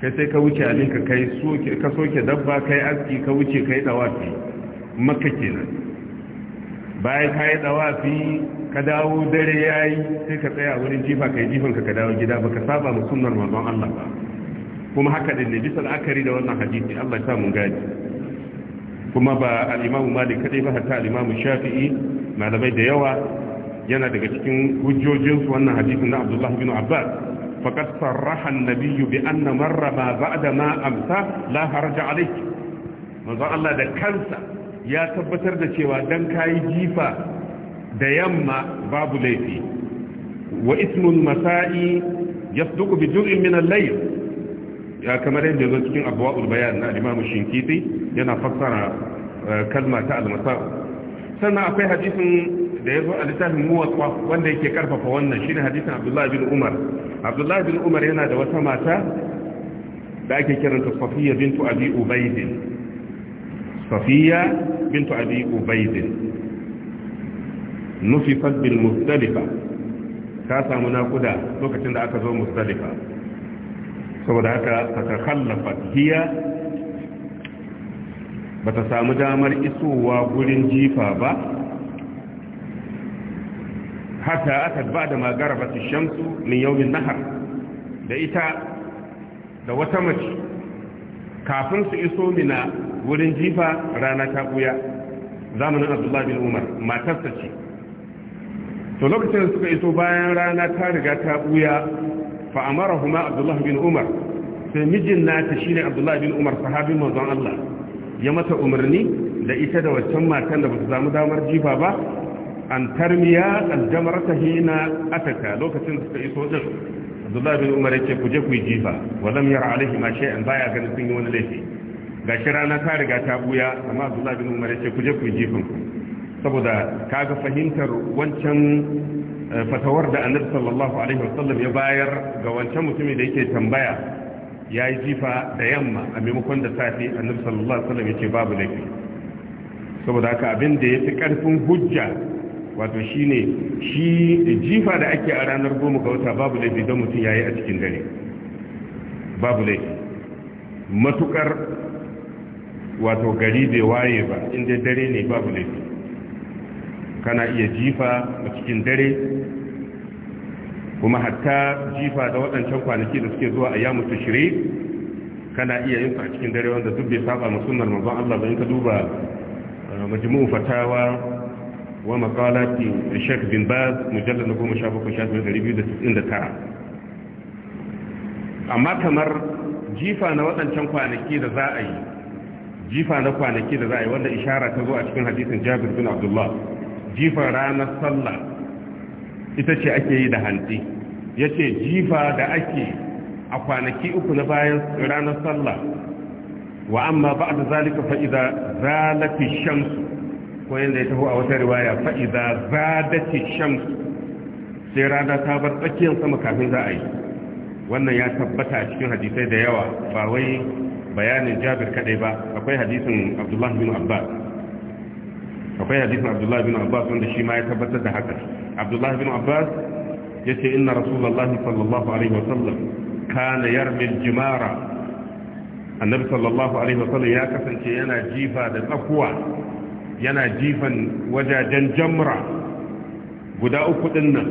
kai sai ka wuce alinka kai ka soke dabba kai aski ka wuce kai dawafi makka kenan bayan ka yi dawafi ka dawo dare yayi sai ka tsaya wurin jifa kai jifanka ka dawo gida baka saba mu sunnar manzon Allah ba kuma haka din ne bisa la'akari da wannan hadisi Allah ya samu mun gani kuma ba al Malik kadai ba hatta al Shafi'i malamai da yawa yana daga cikin hujjojinsu wannan hadisin na Abdullah bin Abbas faqad sarraha an-nabiy bi anna marra ma ba'da ma amsa la haraja alayk manzo Allah da kansa ya tabbatar da cewa dan kai jifa da yamma babu laifi wa ismul masa'i yasduqu bi juz'in min al-layl ya kamar yadda zo cikin abuwa ulbaya na imamu shinkiti yana fassara eh, kalma ta almasa sannan akwai hadisin da ya zo a littafin muwatsa wanda yake karfafa wannan shine hadisin abdullahi bin umar abdullahi bin umar yana da wata mata da ake kiranta safiya bintu abi ubaidin safiya bintu abi ubaidin nufifat bil mustalifa ta samu nakuda lokacin da aka zo mustalifa saboda haka fata kallafa hiya ba ta samu damar isowa gurin jifa ba hata aka ba da magara ba shamsu min yaumin nahar da ita da wata mace kafin su iso mina wurin jifa rana ta buya zamanin abdullahi bin umar matarsa ce to lokacin suka iso bayan rana ta riga ta buya fa amarahuma abdullah bin umar sai mijin nata shine abdullah bin umar sahabin manzon Allah ya mata umarni da ita da waccan matan da bata samu damar jifa ba an tarmiya aljamarta hina ataka lokacin da suka iso din abdullah bin umar yake kuje ku jifa walam yara alaihi ma shay'an baya ganin sun yi wani laifi gashi rana ta riga ta buya amma abdullah bin umar yake kuje ku jifin saboda kaga fahimtar wancan fatawar da annabi sallallahu alaihi wasallam ya bayar ga wancan mutumin da yake tambaya ya jifa da yamma a maimakon da safe annabi sallallahu alaihi wasallam yake babu laifi saboda haka abin da ya fi karfin hujja wato shine shi jifa da ake a ranar goma ga wata babu laifi don mutum ya yi a cikin dare babu laifi matukar wato gari bai waye ba inda dare ne babu laifi kana iya jifa a cikin dare kuma hatta jifa da waɗancan kwanaki da suke zuwa a yamu tushiri kana iya yin a cikin dare wanda duk bai saba ma sunnar manzon Allah ba ka duba uh, majmu'u fatawa wa maqalati Sheikh bin Baz mujallad na 17 amma kamar jifa na waɗancan kwanaki da za a yi jifa na kwanaki da za a yi wanda ishara ta zo a cikin hadisin Jabir bin Abdullah jifa ranar sallah ita ce ake yi da hantsi ya ce jifa da ake a kwanaki uku na bayan ranar sallah wa amma ba da zalika fa'iza zalafi shamsu ko yadda ya taho a wata riwaya fa'iza zadafi shamsu sai rana ta bar tsakiyar sama kafin za a yi wannan ya tabbata a cikin hadisai da yawa ba wai bayanin jabir kadai ba akwai hadisin abdullahi bin abbas akwai hadisin abdullahi bin abbas wanda shi ma ya tabbatar da haka abdullahi bin abbas Ya yace inna rasulullahi sallallahu alaihi wasallam kana yarmil jimara annabi sallallahu alaihi wasallam ya kasance yana jifa da tsakuwa yana jifan wajajen jamra guda uku dinnan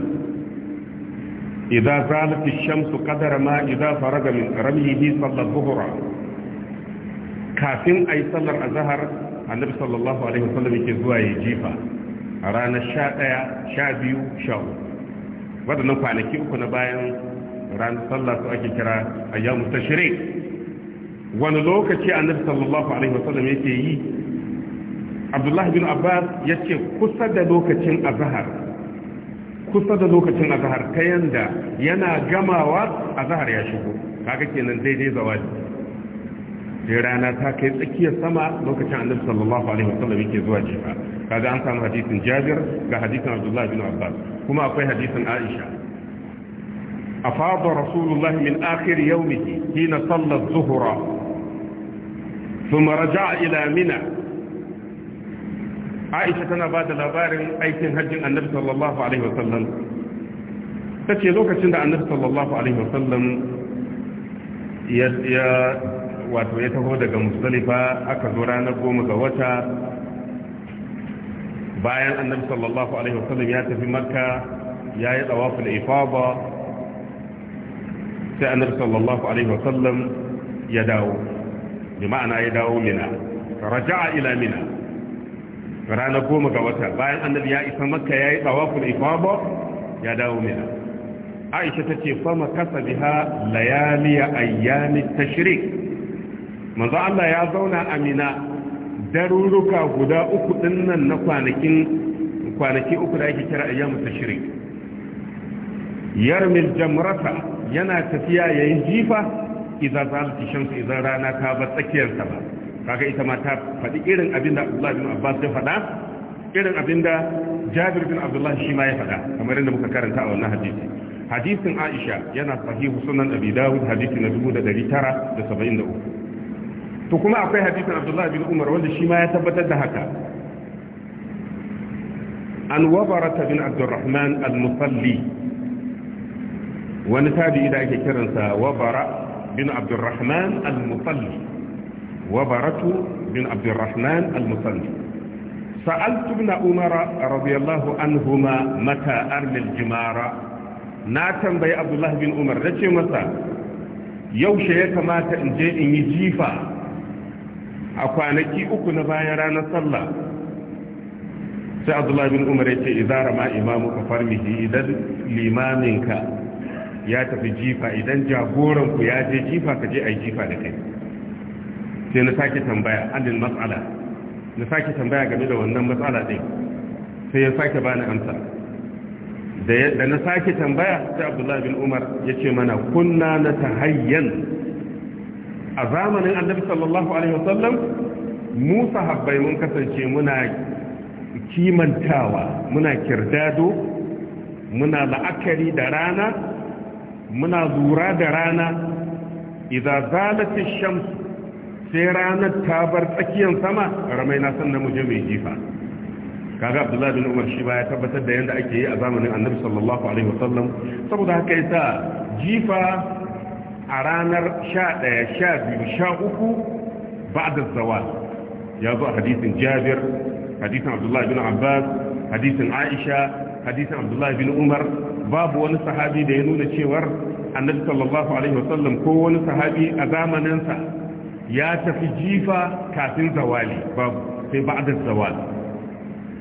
idza zalat ash-shamsu qadara ma idza faraga min ramihi sallallahu dhuhra kafin ay sallar azhar annabi sallallahu alaihi wasallam yake zuwa ya jifa a ranar sha sha ɗaya, biyu, sha 13 waɗannan kwanaki uku na bayan ranar sallah su ake kira ayyamu tashrik wani lokaci annabi sallallahu alaihi wasallam yake yi abdullahi bin abbas ce kusa da lokacin azahar kusa da lokacin azahar ta yanda yana gamawa azhar ya shigo kaga kenan daidai zawadi sai rana ta kai tsakiyar sama lokacin annabi sallallahu alaihi wasallam yake zuwa jifa kaga an samu hadisin Jabir ga hadisin Abdullahi bin Abbas kuma akwai hadisin Aisha afada rasulullahi min akhir yawmihi hina salla adh-dhuhra thumma raja'a ila mina Aisha tana ba da labarin aikin hajjin annabi sallallahu alaihi wasallam tace lokacin da annabi sallallahu alaihi wasallam ya wato ya taho daga musulifa aka zo ranar goma ga wata bayan annabi sallallahu alaihi wasallam ya tafi makka ya yi tsawafin ifaba sai annabi sallallahu alaihi wasallam ya dawo bi ma'ana ya dawo mina raja'a ila mina ranar goma ga wata bayan annabi ya isa makka ya yi tsawafin ifaba ya dawo mina aisha ta ce fama kasa biha layaliya ayyami tashrik manzo Allah ya zauna a Mina daruruka guda uku dinnan na kwanakin kwanaki uku da ake kira ayyamu tashrik yarmil jamrata yana tafiya yayin jifa idza zalati shamsu idza rana ta ba tsakiyar ta ba kaga ita ma ta faɗi irin abinda Abdullah bin Abbas ya faɗa irin abinda Jabir bin Abdullah shi ma ya faɗa kamar yadda muka karanta a wannan hadisi hadisin Aisha yana sahihu sunan Abi Dawud hadisi na 1973 to kuma akwai hadisin abdullahi bin umar wanda shi ma ya tabbatar da haka an wabarata bin abdurrahman al-musalli wani tabi'i da ake kiransa wabara bin abdurrahman al-musalli wabaratu bin abdurrahman al-musalli sa'altu ibn umar radiyallahu anhuma mata arlil jimara na tambayi abdullahi bin umar ce masa yaushe ya kamata in je in yi jifa a kwanaki uku na bayan ranar sallah sai abdullahi bin umar ya ce idara ma imamu ka farmihi idan limaminka ya tafi jifa idan jagoranku ya je jifa ka je a jifa da kai sai na sake tambaya adin matsala na sake tambaya game da wannan matsala din sai ya sake bani amsa da na sake tambaya sai abdullahi bin umar ya ce mana kunna na tahayyan a zamanin annabi sallallahu alaihi wasallam mu sahabbai mun kasance muna kimantawa muna kirdado muna la'akari da rana muna lura da rana idan zalatin shamsu sai ranar ta bar tsakiyar sama ramai na sannan mu je mai jifa kaga abdullahi bin umar shi ya tabbatar da yadda ake yi a zamanin annabi sallallahu alaihi wasallam saboda haka yasa jifa a ranar sha ɗaya sha biyu sha uku ba da zawal ya zo a hadisin jabir hadisin abdullahi bin abbas hadisin aisha hadisin abdullahi bin umar babu wani sahabi da ya nuna cewar annabi sallallahu alaihi wasallam ko wani sahabi a zamaninsa ya tafi jifa kafin zawali babu sai ba da zawal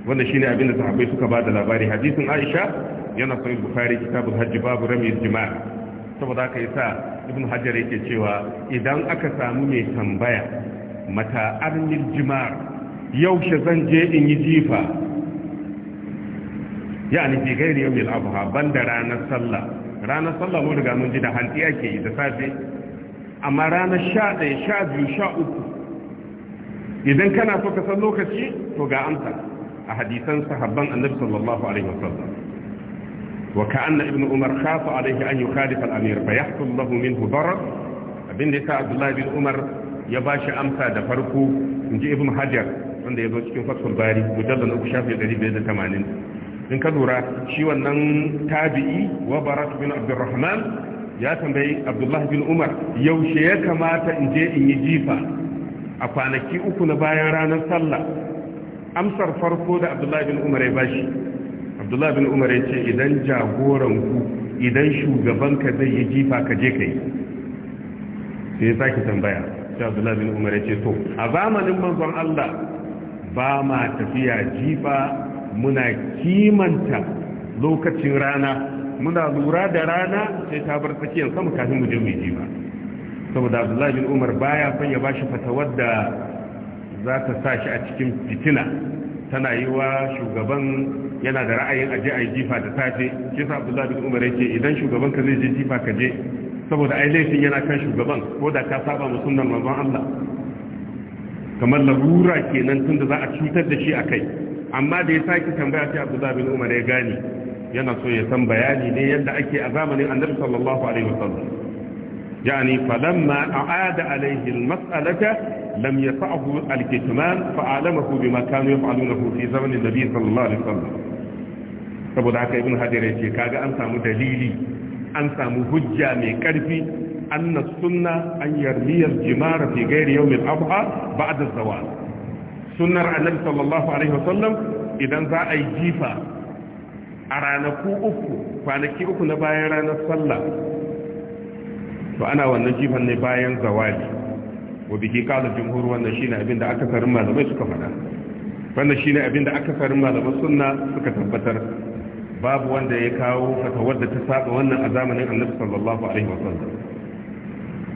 wanda shine abin da sahabbai suka ba da labari hadisin aisha yana sahih bukhari kitabul hajj babu rami jima'a saboda haka yasa ibnu hajar yake cewa idan aka samu mai tambaya mata arnil jimar yaushe zan je in yi jifa ni fi gairi yawmil Ban banda ranar sallah ranar sallah mun riga mun ji da hanti ake yi da safe amma ranar biyu sha uku idan kana so ka san lokaci to ga amsa a hadisan sahabban annabi sallallahu alaihi wasallam وكأن ابن عمر خاف عليه أن يخالف الأمير فيحصل له منه ضرر abin da yasa Abdullahi bin Umar ya bashi amsa da farko inji Ibn Hajar wanda ya zo cikin Fathul Bari mujallal 3 shafi 580 in ka lura shi wannan tabi'i wa Barat bin Abdurrahman ya tambayi Abdullahi bin Umar yaushe ya kamata in je in yi jifa a kwanaki uku na bayan ranar sallah amsar farko da Abdullahi Umar ya bashi abdullahi bin umar ya ce idan jagoran ku idan shugabanka zai yi jifa ka je ka yi sai ya sake tambaya sai abdullahi bin umar ya ce to a zamanin manzon allah ba ma tafiya jifa muna kimanta lokacin rana muna lura da rana sai ta bar tsakiyar sama kafin mu je mu ji ba saboda Abdullahi bin Umar baya son ya bashi fatawar da za ta sa shi a cikin fitina tana yi wa shugaban yana da ra'ayin aje a yi jifa da safe shi sa abdullahi bin umar yake idan shugaban ka zai je jifa ka je saboda ai laifin yana kan shugaban ko da ka saba mu sunnar manzon Allah kamar larura kenan tunda za a cutar da shi akai amma da ya saki tambaya sai abdullahi bin umar ya gane yana so ya san bayani ne yadda ake a zamanin annabi sallallahu alaihi wasallam يعني فلما أعاد عليه المسألة لم يسعه الكتمان فأعلمه بما كانوا يفعلونه في زمن النبي صلى الله عليه وسلم saboda haka ibn hajar yace kaga an samu dalili an samu hujja mai karfi anna sunna an yarmiya al-jimara fi ghairi yawm al-adha ba'da az-zawal sunnar annabi sallallahu alaihi wasallam idan za a yi jifa a ranaku uku kwanaki uku na bayan ranar sallah to ana wannan jifan ne bayan zawali wa biki kala jumhur wannan shine abin da aka karin malamai suka faɗa wannan shine abin da aka karin malamai sunna suka tabbatar babu wanda ya kawo fatawar da ta saba wannan a zamanin annabi sallallahu alaihi wasallam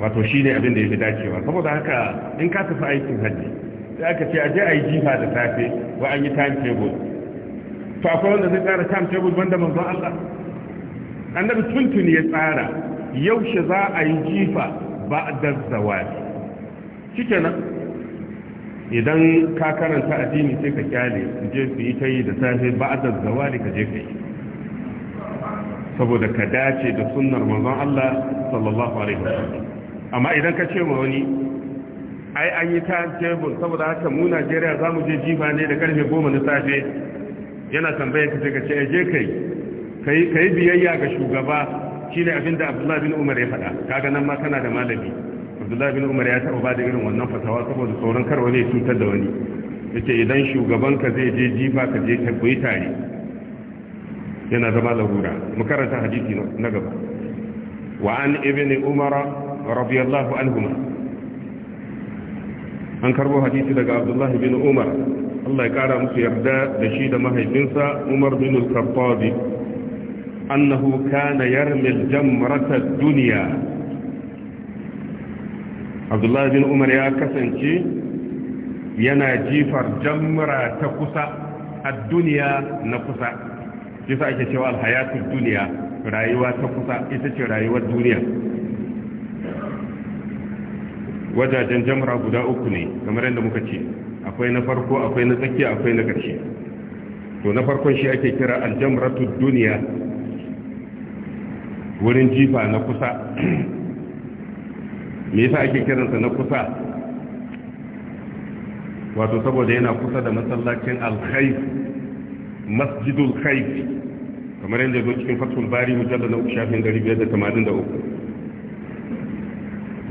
wato shine abin da yake dacewa saboda haka in ka tafi aikin haji sai aka ce aje ayi jifa da safe wa an yi time table to akwai wanda zai tsara time table banda manzon Allah annabi tuntuni ya tsara yaushe za a yi jifa ba da zawali cike nan idan ka karanta addini sai ka kyale je su yi ta yi da safe ba da zawali ka je ka yi saboda ka dace da sunnar manzon Allah sallallahu alaihi wasallam amma idan ka ce ma wani ai an yi ta table saboda haka mu Najeriya za mu je jifa ne da karfe goma na safe yana tambayar ka sai ka ce je ka yi biyayya ga shugaba ne abin da Abdullahi bin Umar ya faɗa kaga nan ma kana da malami Abdullahi bin Umar ya taɓa bada irin wannan fatawa saboda tsoron kar wani ya cutar da wani ce idan shugabanka zai je jifa ka je tabbai tare yana zama lahura Makaranta hadisi na gaba wa an ibn Umar radiyallahu anhuma an karbo hadisi daga Abdullahi bin Umar Allah ya kara musu yarda da shi da mahaifinsa Umar bin Al-Khattab annahu كان يرمي الجمرة duniya abdullahi bin umar ya kasance yana jifar jamra ta kusa a duniya na kusa kisa ake cewa alhayatun duniya rayuwa ta kusa ita ce rayuwar duniya jamra guda uku ne kamar yadda muka ce akwai na farko akwai na tsakiya akwai na ƙarshe to na farkon shi ake kira aljamratu duniya wurin jifa na kusa me yasa ake kiransa na kusa wato saboda yana kusa da masallacin alkhaif masjidul khaif kamar yadda zo cikin fatul bari mujalla na shafin 583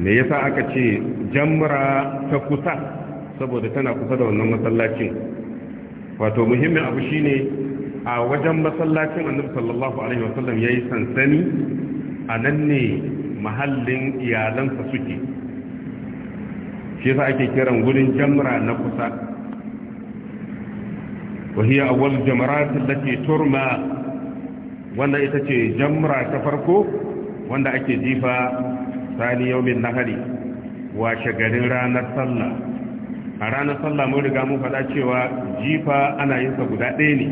me yasa aka ce jamra ta kusa saboda tana kusa da wannan masallacin wato muhimmin abu shine a wajen masallacin annabi sallallahu alaihi wasallam yayi sansani a nan ne mahallin iyalansa suke shi yasa ake kiran gurin jamra na kusa wa hiya awwal jamrat allati turma wanda ita ce jamra ta farko wanda ake jifa sani yaumin nahari washe garin ranar sallah a ranar sallah mun riga mun faɗa cewa jifa ana yin sa guda ɗaya ne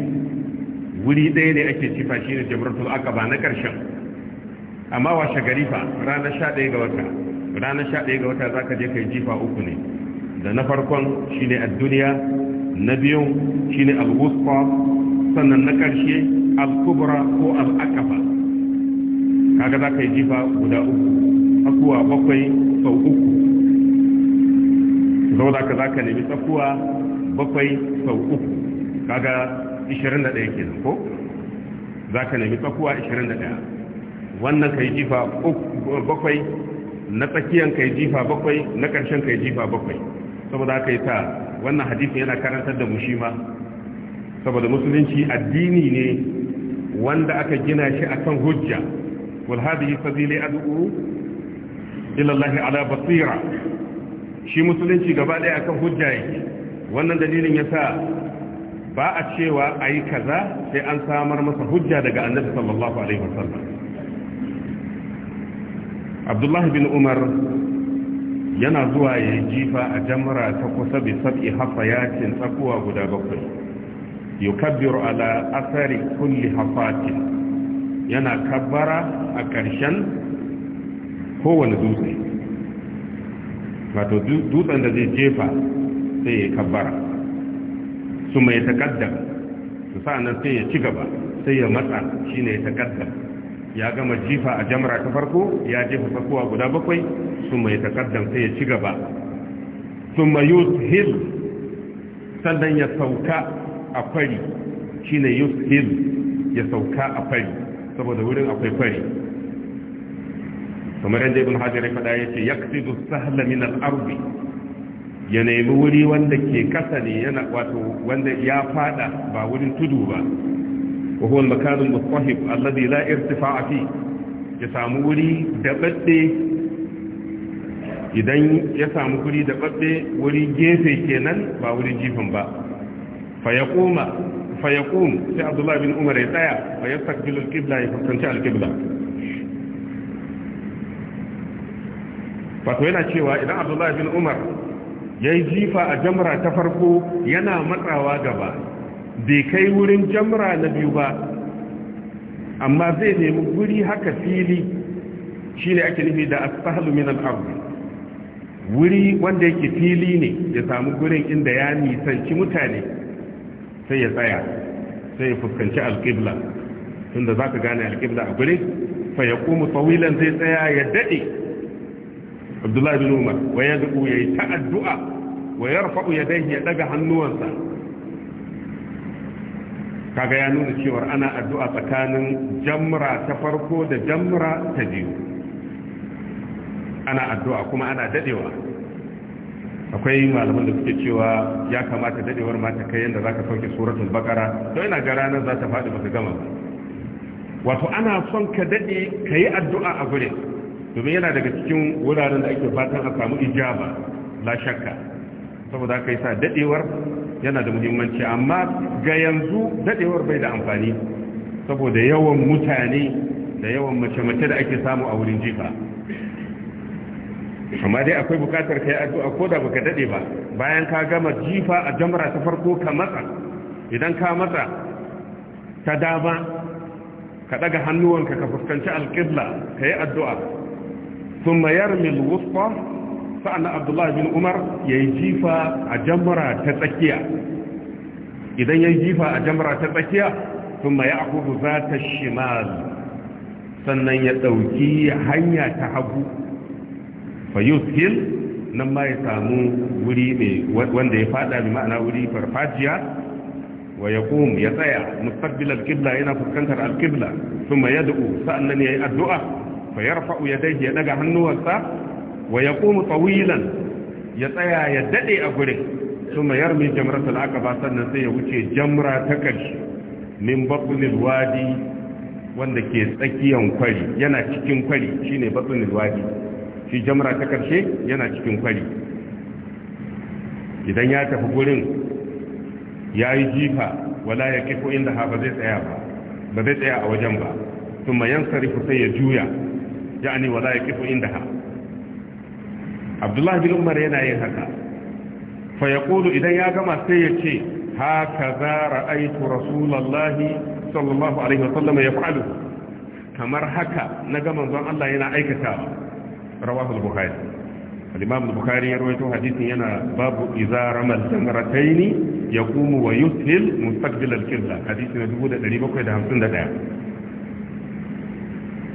wuri ɗaya ne ake cifa shi ne jamratul aqaba na ƙarshen amma washe gari fa ranar 11 ga wata ranar 11 ga wata ka je kai jifa uku ne da na farkon shi ne duniya na biyu ne al-wusqa sannan na ƙarshe al-kubra ko al-aqaba kaga ka yi jifa guda uku akuwa bakwai sau uku za ka nemi tsakuwa bakwai sau uku kaga 21 kenan ko za ka nemi tsakuwa 21 wannan kai jifa bakwai na tsakiyan kai jifa bakwai na ƙarshen kai jifa bakwai saboda aka yi ta wannan hadisin yana karantar da mushima saboda musulunci addini ne wanda aka gina shi akan hujja wal hadhihi a ad'u ila Allah ala basira shi musulunci gaba daya akan hujja yake wannan dalilin sa. ba a cewa a yi kaza sai an samar masa hujja daga annabi sallallahu alaihi wasallam abdullahi bin umar yana zuwa ya jifa a jamra ta kusa bi sab'i hafayatin tsakuwa guda bakwai yukabbiru ala asari kulli hafatin yana kabbara a ƙarshen kowane dutse wato dutsen da zai jefa sai ya kabbara su mai takaddam su sa'anan sai ya ci gaba sai ya matsa shi ne ya ya gama jifa a jamra ta farko ya jefa tsakowa guda bakwai su mai takaddam sai ya ci gaba su mai hil sannan ya sauka a fari shi ne hil ya sauka a fari saboda wurin akwai fari kamar yadda ibn hajar ya faɗa ya ce yaksidu sahla min al arbi. ya nemi wuri wanda ke kasa ne yana wato wanda ya fada ba wurin tudu ba wa huwa al-makanul mutahhib alladhi la irtifa'a fi ya samu wuri da badde idan ya samu wuri da badde wuri gefe kenan ba wurin jifin ba fa yaquma fa yaqum sai abdullahi bin umar ya tsaya fa yastaqbilu al-qibla ya fuskanci al-qibla wato yana cewa idan abdullahi bin umar ya yi jifa a jamra ta farko yana matsawa gaba bai kai wurin jamra na biyu ba amma zai nemi guri haka fili shi ne ake nufi da astahalu min wuri wanda yake fili ne ya samu gurin inda ya nisanci mutane sai ya tsaya sai ya fuskanci alƙibla tunda za ka gane alƙibla a guri fa ya kuma tsawilan zai tsaya ya daɗe abdullahi bin umar wa ya duku ya ta addu'a wa ya rufa ya ya daga hannuwansa kaga ya nuna cewar ana addu'a tsakanin jamra ta farko da jamra ta biyu ana addu'a kuma ana dadewa akwai malaman da suke cewa ya kamata dadewar ma ta kai yadda za ka sauke suratul bakara to ina ga ranar za ta faɗi baka gama wato ana son ka dade ka yi addu'a a gurin domin yana daga cikin wuraren da ake fatan a samu ijaba la shakka saboda haka sa dadewar yana da muhimmanci amma ga yanzu dadewar bai da amfani saboda yawan mutane da yawan mace-mace da ake samu a wurin jifa amma dai akwai bukatar kai addu'a ko da baka dade ba bayan ka gama jifa a jamara ta farko ka matsa idan ka matsa ta dama ka daga hannuwanka ka fuskanci alƙibla ka yi addu'a ثم يرمي الوسطى فأنا عبد الله بن عمر يجيفا أجمرا تتكيا إذا يجيفا أجمرا تتكيا ثم يأخذ ذات الشمال سنة يتوكي هيا تحبو فيسهل نما يتامو وريمي واند يفادا بمعنى وري فرفاجيا ويقوم يتايا مستقبل القبلة هنا فكنتر القبلة ثم يدعو سأنني الدعاء fa yarfa'u yadayhi ya daga hannuwansa wa ya yaqumu tawilan ya tsaya ya daɗe a gurin kuma yarmi jamratul aqaba sannan sai ya wuce jamra ta min batnil wadi wanda ke tsakiyan kwari yana cikin kwari shine batnil wadi shi jamra ta karshe yana cikin kwari idan ya tafi gurin ya yi jifa wala ya kifo inda ha ba zai tsaya ba zai tsaya a wajen ba sun mayan sarifu sai ya juya Jani wala inda ha Abdullahi bin Umar yana yin haka fa yaqulu idan ya gama sai ya ce hakaza ra'aytu rasulullahi sallallahu alaihi wasallam yaf'alu kamar haka na ga manzon Allah yana aikata rawahu al-bukhari al-imam al-bukhari ya rawaito hadisin yana babu idza ramal jamrataini yaqumu wa yuthil mustaqbil al-qibla hadisin 1751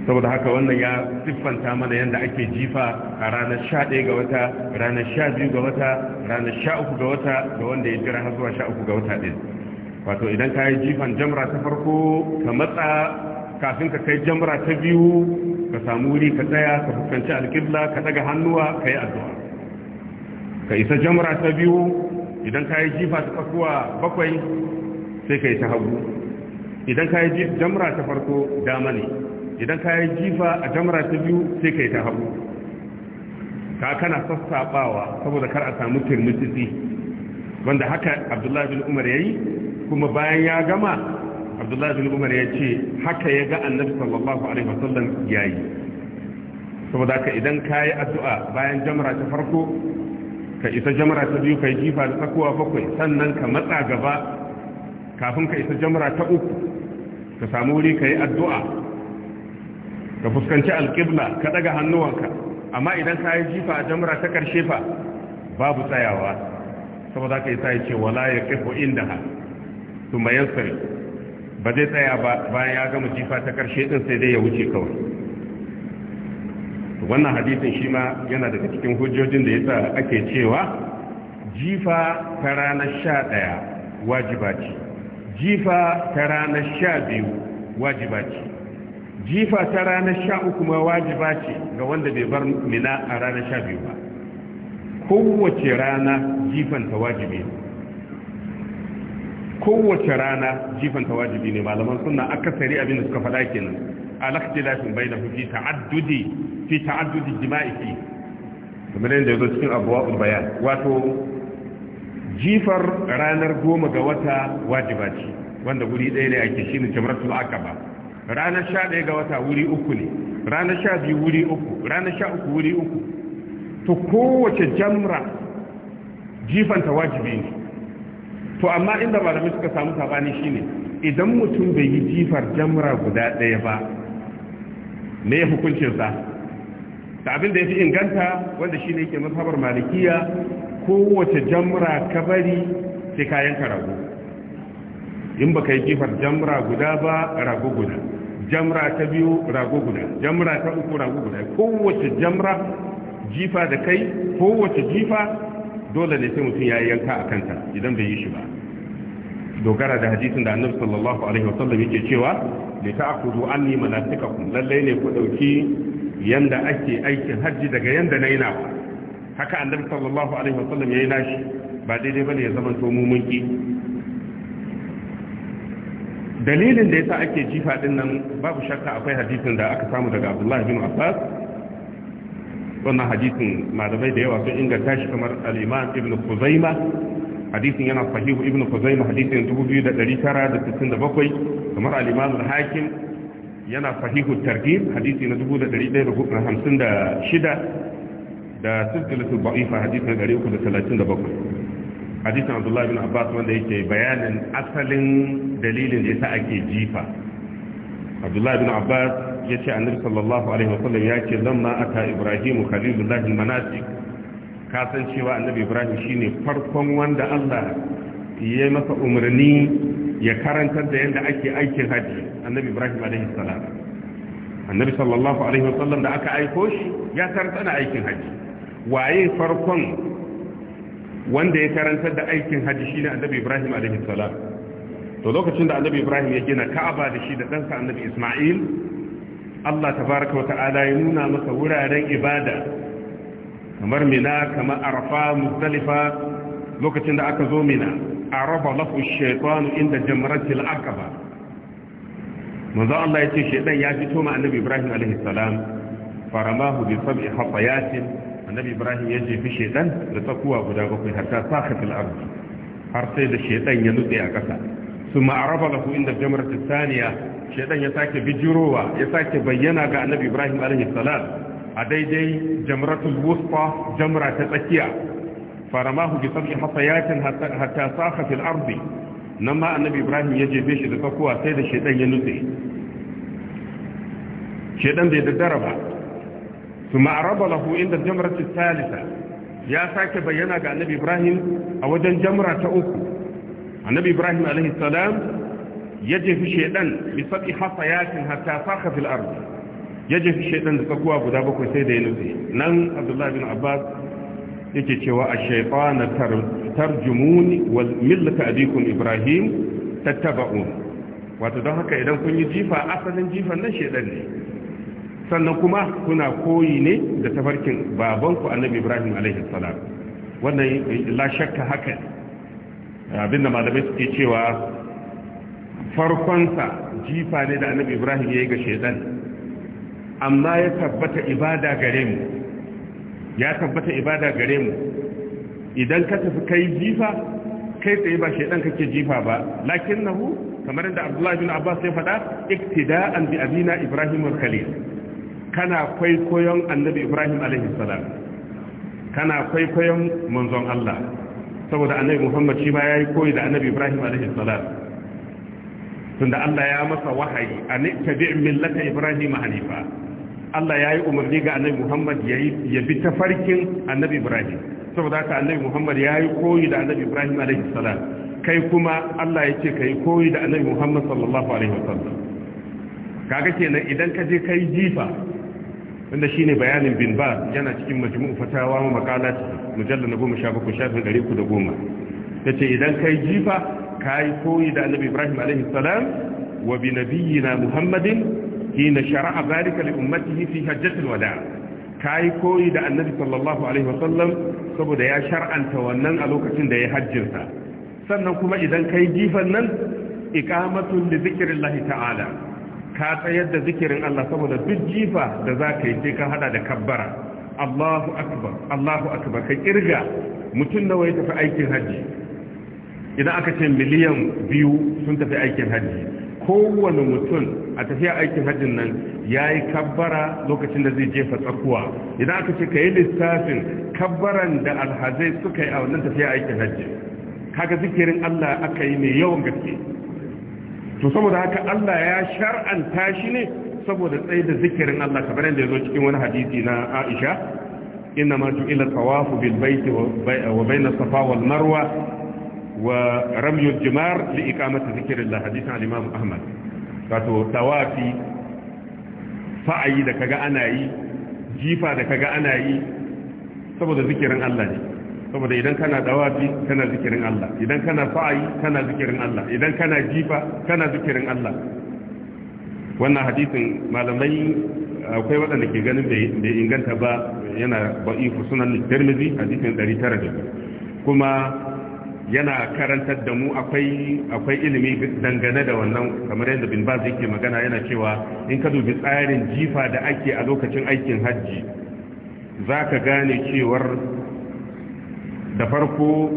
saboda haka wannan ya siffanta mana yadda ake jifa a ranar sha ɗaya ga wata ranar sha biyu ga wata ranar sha uku ga wata da wanda ya jira har zuwa sha uku ga wata ɗin wato idan ka yi jifan jamra ta farko ka matsa kafin ka kai jamra ta biyu ka samu wuri ka tsaya ka fuskanci alƙibla ka daga hannuwa ka yi addu'a ka isa jamra ta biyu idan ka yi jifa ta tsakuwa bakwai sai ka yi ta hagu idan ka yi jamra ta farko dama ne idan ka yi jifa a jamra ta biyu sai ka yi ta hagu ka kana sassaɓawa saboda kar a samu turmutsi wanda haka abdullahi bin umar ya yi kuma bayan ya gama abdullahi bin umar ya ce haka ya ga annabi sallallahu alaihi wasallam ya yi saboda haka idan ka yi addu'a bayan jamra ta farko ka isa jamra ta biyu ka yi jifa da tsakowa bakwai sannan ka matsa gaba kafin ka isa jamra ta uku ka samu wuri ka yi addu'a ka fuskanci alƙibla ka ɗaga hannuwanka amma idan ka yi jifa a jamura ta ƙarshe fa babu tsayawa saboda ka yi sa ce wala ya ƙifo inda ha su mai yansari ba zai tsaya ba bayan ya gama jifa ta ƙarshe ɗin sai dai ya wuce kawai wannan hadisin shi ma yana daga cikin hujjojin da yasa ake cewa jifa ta ranar sha ɗaya wajiba ce jifa ta ranar sha biyu wajiba ce jifa ta ranar sha uku ma wajiba ce ga wanda bai bar mina a ranar sha biyu ba kowace rana jifan ta wajibi kowace rana jifan ta wajibi ne malaman suna akasari abin da suka faɗa kenan bai bainahu fi ta'addudi fi ta'addudi jima'i fi kamar yadda yazo cikin abwaul bayan wato jifar ranar goma ga wata wajiba ce wanda guri ɗaya ne ake shine jamratul akaba ranar sha ɗaya ga wata wuri uku ne ranar sha biyu wuri uku ranar sha uku wuri uku to kowace jamra jifanta wajibi ne to amma inda malamai suka samu sabani shine idan mutum bai yi jifar jamra guda ɗaya ba ne hukuncinsa ta abin da ya fi inganta wanda shine yake mazhabar malikiya kowace jamra ka bari sai kayan ka rago in baka yi jifar jamra guda ba rago guda jamra ta biyu rago guda jamra ta uku rago guda kowace jamra jifa da kai kowace jifa dole ne sai mutum ya yanka a kanta idan bai yi shi ba dogara da hadisin da annabi sallallahu alaihi wasallam yake cewa li ta'khudhu anni kun lallai ne ku ɗauki yanda ake aikin hajji daga yanda yi na haka annabi sallallahu alaihi wasallam yi nashi ba daidai ba ne ya zama to mu dalilin da yasa ake jifa din nan babu shakka akwai hadisin da aka samu daga Abdullah bin Abbas wannan hadisin malamai da yawa sun inganta shi kamar al-Imam Ibn Khuzaimah hadisin yana sahihu Ibn Khuzaimah hadisin 2967 kamar al-Imam al-Hakim yana sahihu Targhib hadisi na 1156 da silsilatu ba'ifa hadisin 337 hadisin Abdullah bin Abbas wanda yake bayanin asalin dalilin da yasa ake jifa Abdullah ibn Abbas yace Annabi sallallahu alaihi wasallam yace lamma ata Ibrahim khalilullah al-manasik ka san cewa Annabi Ibrahim shine farkon wanda Allah ya masa umarni ya karantar da yadda ake aikin haji Annabi Ibrahim alaihi salam Annabi sallallahu alaihi wasallam da aka aiko shi ya karantar da aikin haji waye farkon wanda ya karantar da aikin haji shine Annabi Ibrahim alaihi salam to lokacin da annabi ibrahim ya gina ka'aba da shi da ɗansa annabi isma'il allah ta wa ta'ala ya nuna masa wuraren ibada kamar mina kamar arfa mustalifa lokacin da aka zo mina raba lafu shekwanu inda jamratil ba. manzo allah ya ce shaitan ya fito ma annabi ibrahim alaihi salam faramahu bi sab'i hafayatin annabi ibrahim ya jefi shaitan da tsakuwa guda bakwai har ta saka fil ardi har sai da shaitan ya nutse a ƙasa ثم عرف له عند الجمرة الثانية شيطان يساك بجروة يساك بينا قال النبي إبراهيم عليه السلام أدي دي جمرة الوسطى جمرة تتكية فرماه بسبع حصيات حتى صاخ في الأرض نما النبي إبراهيم يجي بيش لتقوى سيد الشيطان ينزي شيطان دي تدربة ثم عرف له عند الجمرة الثالثة ya sake bayyana ga annabi ibrahim a wajen jamra annabi ibrahim alaihi salam ya jefi shaidan bisaki hasayatin hatta saka fil ard ya jefi shaidan da tsakuwa guda bakwai sai da ya nufi nan abdullahi bin abbas yake cewa a shaytana tarjumuni wal millata abikum ibrahim Tattaba'u wato don haka idan kun yi jifa asalin jifan nan shaidan ne sannan kuma kuna koyi ne da tafarkin babanku annabi ibrahim alaihi salam wannan la shakka haka Abin da malamai suke cewa farkonsa jifa ne da annabi ibrahim ya yi ga shaidan amma ya tabbata ibada gare mu ya tabbata ibada gare mu idan ka tafi kai jifa kai tsaye ba shaidan kake jifa ba lakin nahu kamar da abdullahi bin abbas ya faɗa an bi abina ibrahim al-khalil kana kwaikwayon annabi ibrahim alaihi salam kana kwaikwayon manzon allah saboda annabi muhammad shi ma ya yi koyi da annabi ibrahim alaihi salam tunda allah ya masa wahayi a tabi millata ibrahim hanifa allah ya yi umarni ga annabi muhammad ya bi ta farkin annabi ibrahim saboda haka annabi muhammad ya yi koyi da annabi ibrahim alaihi salam kai kuma allah ya ce ka yi koyi da annabi muhammad sallallahu alaihi wasallam kaga kenan idan ka je kai jifa wanda shine bayanin bin ba yana cikin majmu'u fatawa wa maqalat mujallal 17 shafin 310 yace idan kai jifa kai koyi da annabi Ibrahim alaihi salam wa bi nabiyyina Muhammadin hina shar'a zalika li ummatihi fi hajjatil wada' kai koyi da annabi sallallahu alaihi wasallam saboda ya shar'anta wannan a lokacin da ya hajjinsa sannan kuma idan kai jifan nan iqamatun li zikrillahi ta'ala ka tsayar da zikirin Allah saboda duk jifa da za ka yi sai ka hada da kabbara Allahu akbar Allahu akbar ka kirga mutum nawa ya tafi aikin haji idan aka ce miliyan biyu sun tafi aikin haji kowane mutum a tafiya aikin hajjin nan ya yi kabbara lokacin da zai jefa tsakuwa idan aka ce ka yi lissafin kabbaran da alhazai suka yi a wannan tafiya aikin hajji kaga zikirin Allah aka yi mai yawan gaske to saboda haka Allah ya shar'anta shi ne saboda tsaye da zikirin Allah kamar yadda ya zo cikin wani hadisi na Aisha inna ma ju'ila tawafu bil baiti wa bayna safa wal marwa wa ramyul jimar li iqamati zikrillah hadisi al-imam Ahmad wato tawafi fa'ayi da kaga ana yi jifa da kaga ana yi saboda zikirin Allah ne saboda idan kana dawafi kana zikirin Allah idan kana fa'ayi kana zikirin Allah idan kana jifa kana zikirin Allah wannan hadisin malamai akwai waɗanda ke ganin bai inganta ba yana ba'ifu sunan tirmidhi hadisin 900 kuma yana karantar da mu akwai akwai ilimi dangane da wannan kamar yadda bin baz yake magana yana cewa in ka dubi tsarin jifa da ake a lokacin aikin hajji zaka gane cewar da farko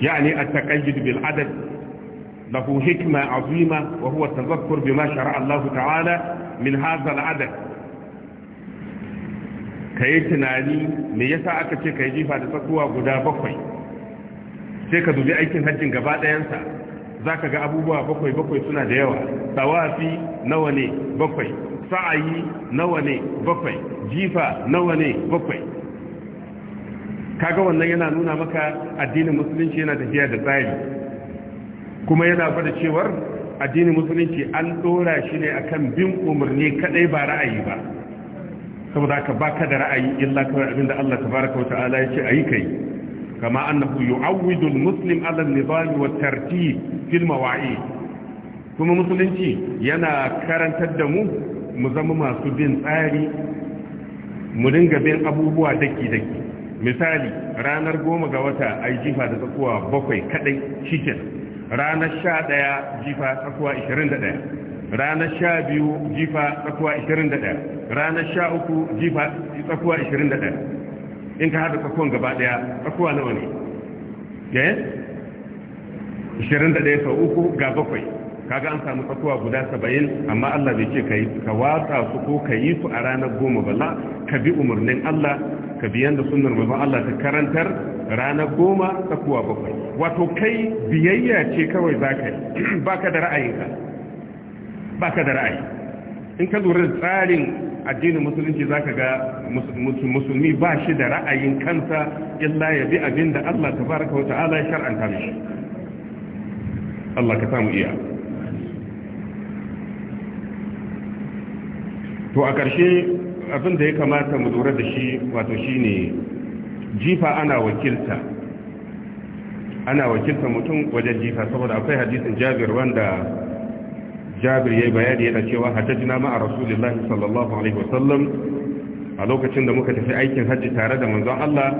yani at-taqayyud bil adad lahu hikma azima wa huwa tadhakkur bima shar'a Allah ta'ala min haza al'adar. Ka yi tunani me yasa aka ce ka yi jifa da tsakuwa guda bakwai sai ka dubi aikin hajjin gaba ɗayansa za ka ga abubuwa bakwai bakwai suna da yawa tawafi nawa ne bakwai sa'ayi nawa ne bakwai jifa nawa ne bakwai kaga wannan yana nuna maka addinin musulunci yana tafiya da tsari kuma yana fada cewar addinin musulunci an dora shi ne akan bin umarni kadai ba ra'ayi ba saboda haka baka da ra'ayi illa kawai abinda Allah tabaraka wata'ala ya ce ayi kai kama annahu yu'awwidu muslim 'ala an-nizam wa tartib fil mawa'id kuma musulunci yana karantar da mu mu zama masu bin tsari mu dinga bin abubuwa daki daki misali ranar goma ga wata ai jifa da tsakuwa bakwai kadai shiken ranar sha daya jifa tsakuwa ishirin da daya ranar sha biyu jifa tsakuwa ishirin da daya ranar sha uku jifa tsakuwa ishirin da daya in ka haɗa tsakuwan gaba daya tsakuwa nawa ne yayin eh? ishirin da daya sau uku ga bakwai kaga an samu tsakuwa guda saba'in amma Allah bai ce ka watsa su ko ka yi su a ranar goma ba la ka bi umarnin Allah ka biyan da sunan manzon Allah ta karantar rana goma tsakuwa bakwai wato kai biyayya ce kawai ka yi baka da ra'ayinka baka da ra'ayi in ka lura da tsarin addinin musulunci zaka ga musulmi ba shi da ra'ayin kansa illa ya bi abin da Allah tabaraka wa ta'ala ya shar'anta mishi Allah ka samu iya to a ƙarshe abin da ya kamata mu lura da shi wato shi ne jifa ana wakilta ana wakilta mutum wajen jifa saboda akwai hadisin jabir wanda jabir ya yi bayani yana cewa hajjajina ma'a rasulullahi sallallahu alaihi wasallam a lokacin da muka tafi aikin hajji tare da manzon Allah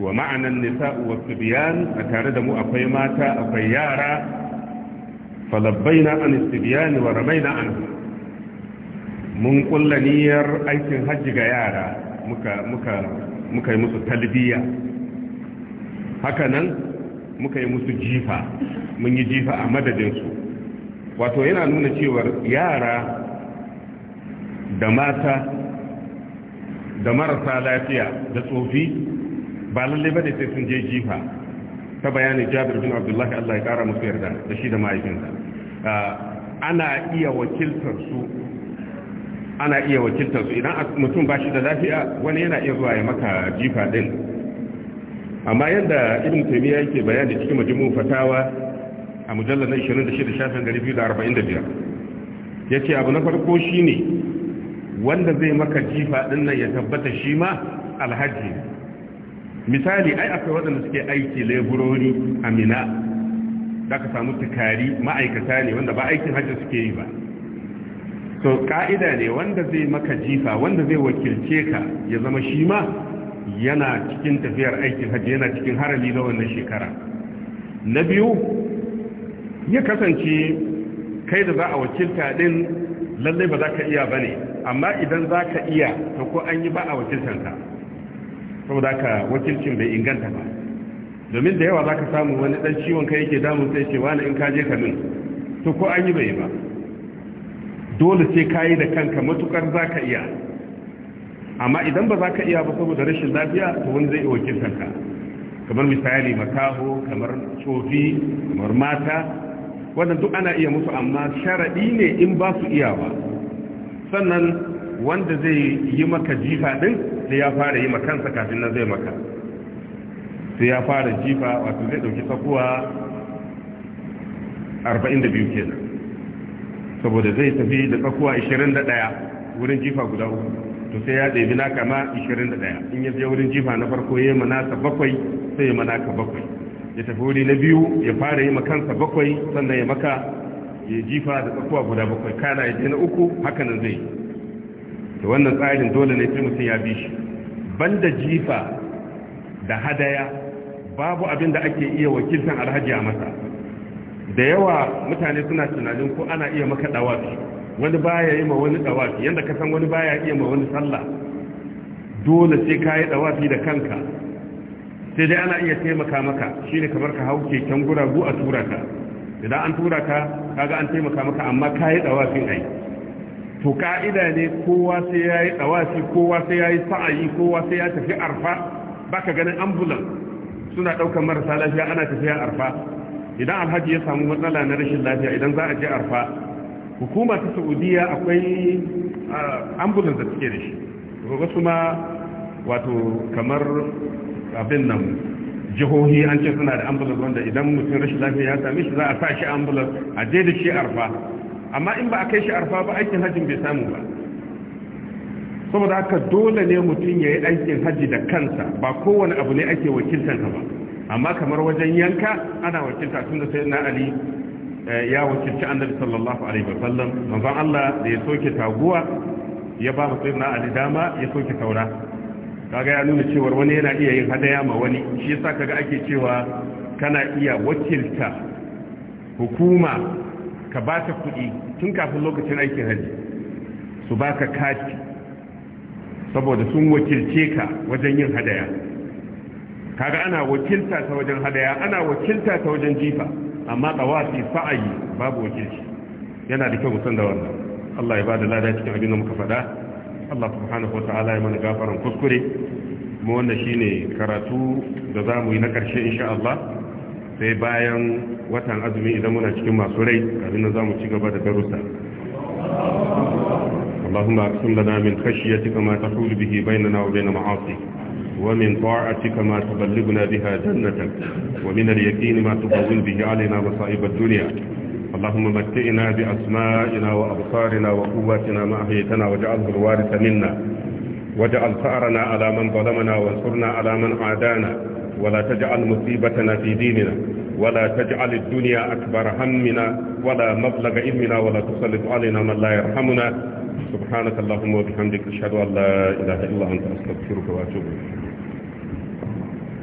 wa ma'anan nisa'u wa tsibiyan a tare da mu akwai mata akwai yara falabbaina an istibyan wa ramaina anhu mun kulla niyyar aikin hajji ga yara muka muka muka yi musu talbiya haka nan muka yi musu jifa mun yi jifa a madadinsu wato yana nuna cewar yara da mata da marasa lafiya da tsofi ba lalle ba da sai sun je jifa ta bayanin jabir bin abdullahi allah ya kara musu yarda da shi da mahaifinsa ah, ana iya wakiltar su ana iya wakiltar su idan mutum ba shi da lafiya wani yana iya zuwa ya maka jifa din amma yadda ibn ya yake bayani cikin majimu fatawa a mujallar na 26 shafin 245 yace abu na farko shi ne wanda zai maka jifa din nan ya tabbata shi ma alhaji misali ai akwai waɗanda suke aiki leburori a mina da ka samu tukari ma'aikata ne wanda ba aikin hajji suke yi ba to ka'ida ne wanda zai maka jifa wanda zai wakilce ka ya zama shi ma yana cikin tafiyar aikin hajji yana cikin harami na wannan shekara na biyu ya kasance kai da za a wakilta din lallai ba za ka iya ba ne amma idan za ka iya ta ko an yi ba a wakiltanka saboda ka wakilcin bai inganta ba domin da yawa za ka samu wani ɗan ciwon kai yake damun sai cewa na in ka je ka min to ko an yi bai ba dole sai kayi da kanka matukar za ka iya amma idan ba za ka iya ba saboda rashin lafiya to wani zai iya wakiltar kamar misali makaho kamar tsofi kamar mata wannan duk ana iya musu amma sharaɗi ne in ba su iya ba sannan wanda zai yi maka jifa ɗin sai ya fara yi kansa kafin nan zai maka sai ya fara jifa wato zai ɗauki sakuwa 42 kenan saboda zai tafi da tsakuwa 21 wurin jifa guda uku to sai ya ɗebi naka ma 21 in ya je wurin jifa na farko ya yi manasa bakwai sai ya manaka bakwai ya tafi wuri na biyu ya fara yi makansa bakwai sannan ya maka ya jifa da tsakuwa guda bakwai kana ya je na uku hakanan zai to wannan tsarin dole ne sai mutum ya bi shi banda jifa da hadaya babu abin da ake iya wakiltan alhaji a masa da yawa mutane suna tunanin ko ana iya maka dawafi wani baya yi ma wani dawafi yanda ka san wani baya iya ma wani sallah dole sai ka yi dawafi da kanka sai dai ana iya taimaka maka shine kamar ka hau keken guragu a tura ka idan an tura ka kaga an taimaka maka amma ka yi dawafin ai to ka'ida ne kowa sai ya yi dawafi kowa sai ya yi sa'ayi kowa sai ya tafi arfa baka ganin ambulan suna ɗaukar marasa lafiya ana tafiya arfa idan alhaji ya samu matsala na rashin lafiya idan za a je arfa hukuma ta saudiya akwai ambulance da suke da shi su ma wato kamar abin nan jihohi an ce suna da ambulance wanda idan mutum rashin lafiya ya same shi za a sa shi ambulance a je da shi arfa amma in ba a kai shi arfa ba aikin hajjin bai samu ba saboda haka dole ne mutum ya yi aikin hajji da kansa ba kowane abu ne ake wakiltansa ba amma kamar wajen yanka ana wakilta tun da sayyidina ali eh, ya wakilci annabi sallallahu alaihi wasallam manzon Allah da ya soke taguwa ya ba mu sayyidina ali dama ya soke taura kaga ya nuna cewa wani yana iya yin hadaya ma wani shi yasa kaga ake cewa kana iya wakilta hukuma ka ba ta kuɗi tun kafin lokacin aikin haji su baka kati saboda sun wakilce ka wajen yin hadaya kaga ana wakilta ta wajen hadaya ana wakilta ta wajen jifa amma tawafi sa'ayi babu wakilci yana da kyau musan da wannan Allah ya ba da lada cikin abin da muka faɗa Allah subhanahu wata'ala ya mana gafaran kuskure mu wannan shine karatu da za mu yi na ƙarshe insha Allah sai bayan watan azumi idan muna cikin masu rai abin da za mu ci gaba da darussa اللهم اقسم لنا من خشيتك ما تحول به بيننا وبين معاصيك ومن طاعتك ما تبلغنا بها جنتك ومن اليقين ما تبون به علينا مصائب الدنيا اللهم متئنا بأسمائنا وأبصارنا وقواتنا ما أحيتنا واجعله الوارث منا واجعل ثأرنا على من ظلمنا وانصرنا على من عادانا ولا تجعل مصيبتنا في ديننا ولا تجعل الدنيا أكبر همنا ولا مبلغ علمنا ولا تسلط علينا من لا يرحمنا سبحانك اللهم وبحمدك أشهد أن لا إله إلا أنت أستغفرك وأتوب إليك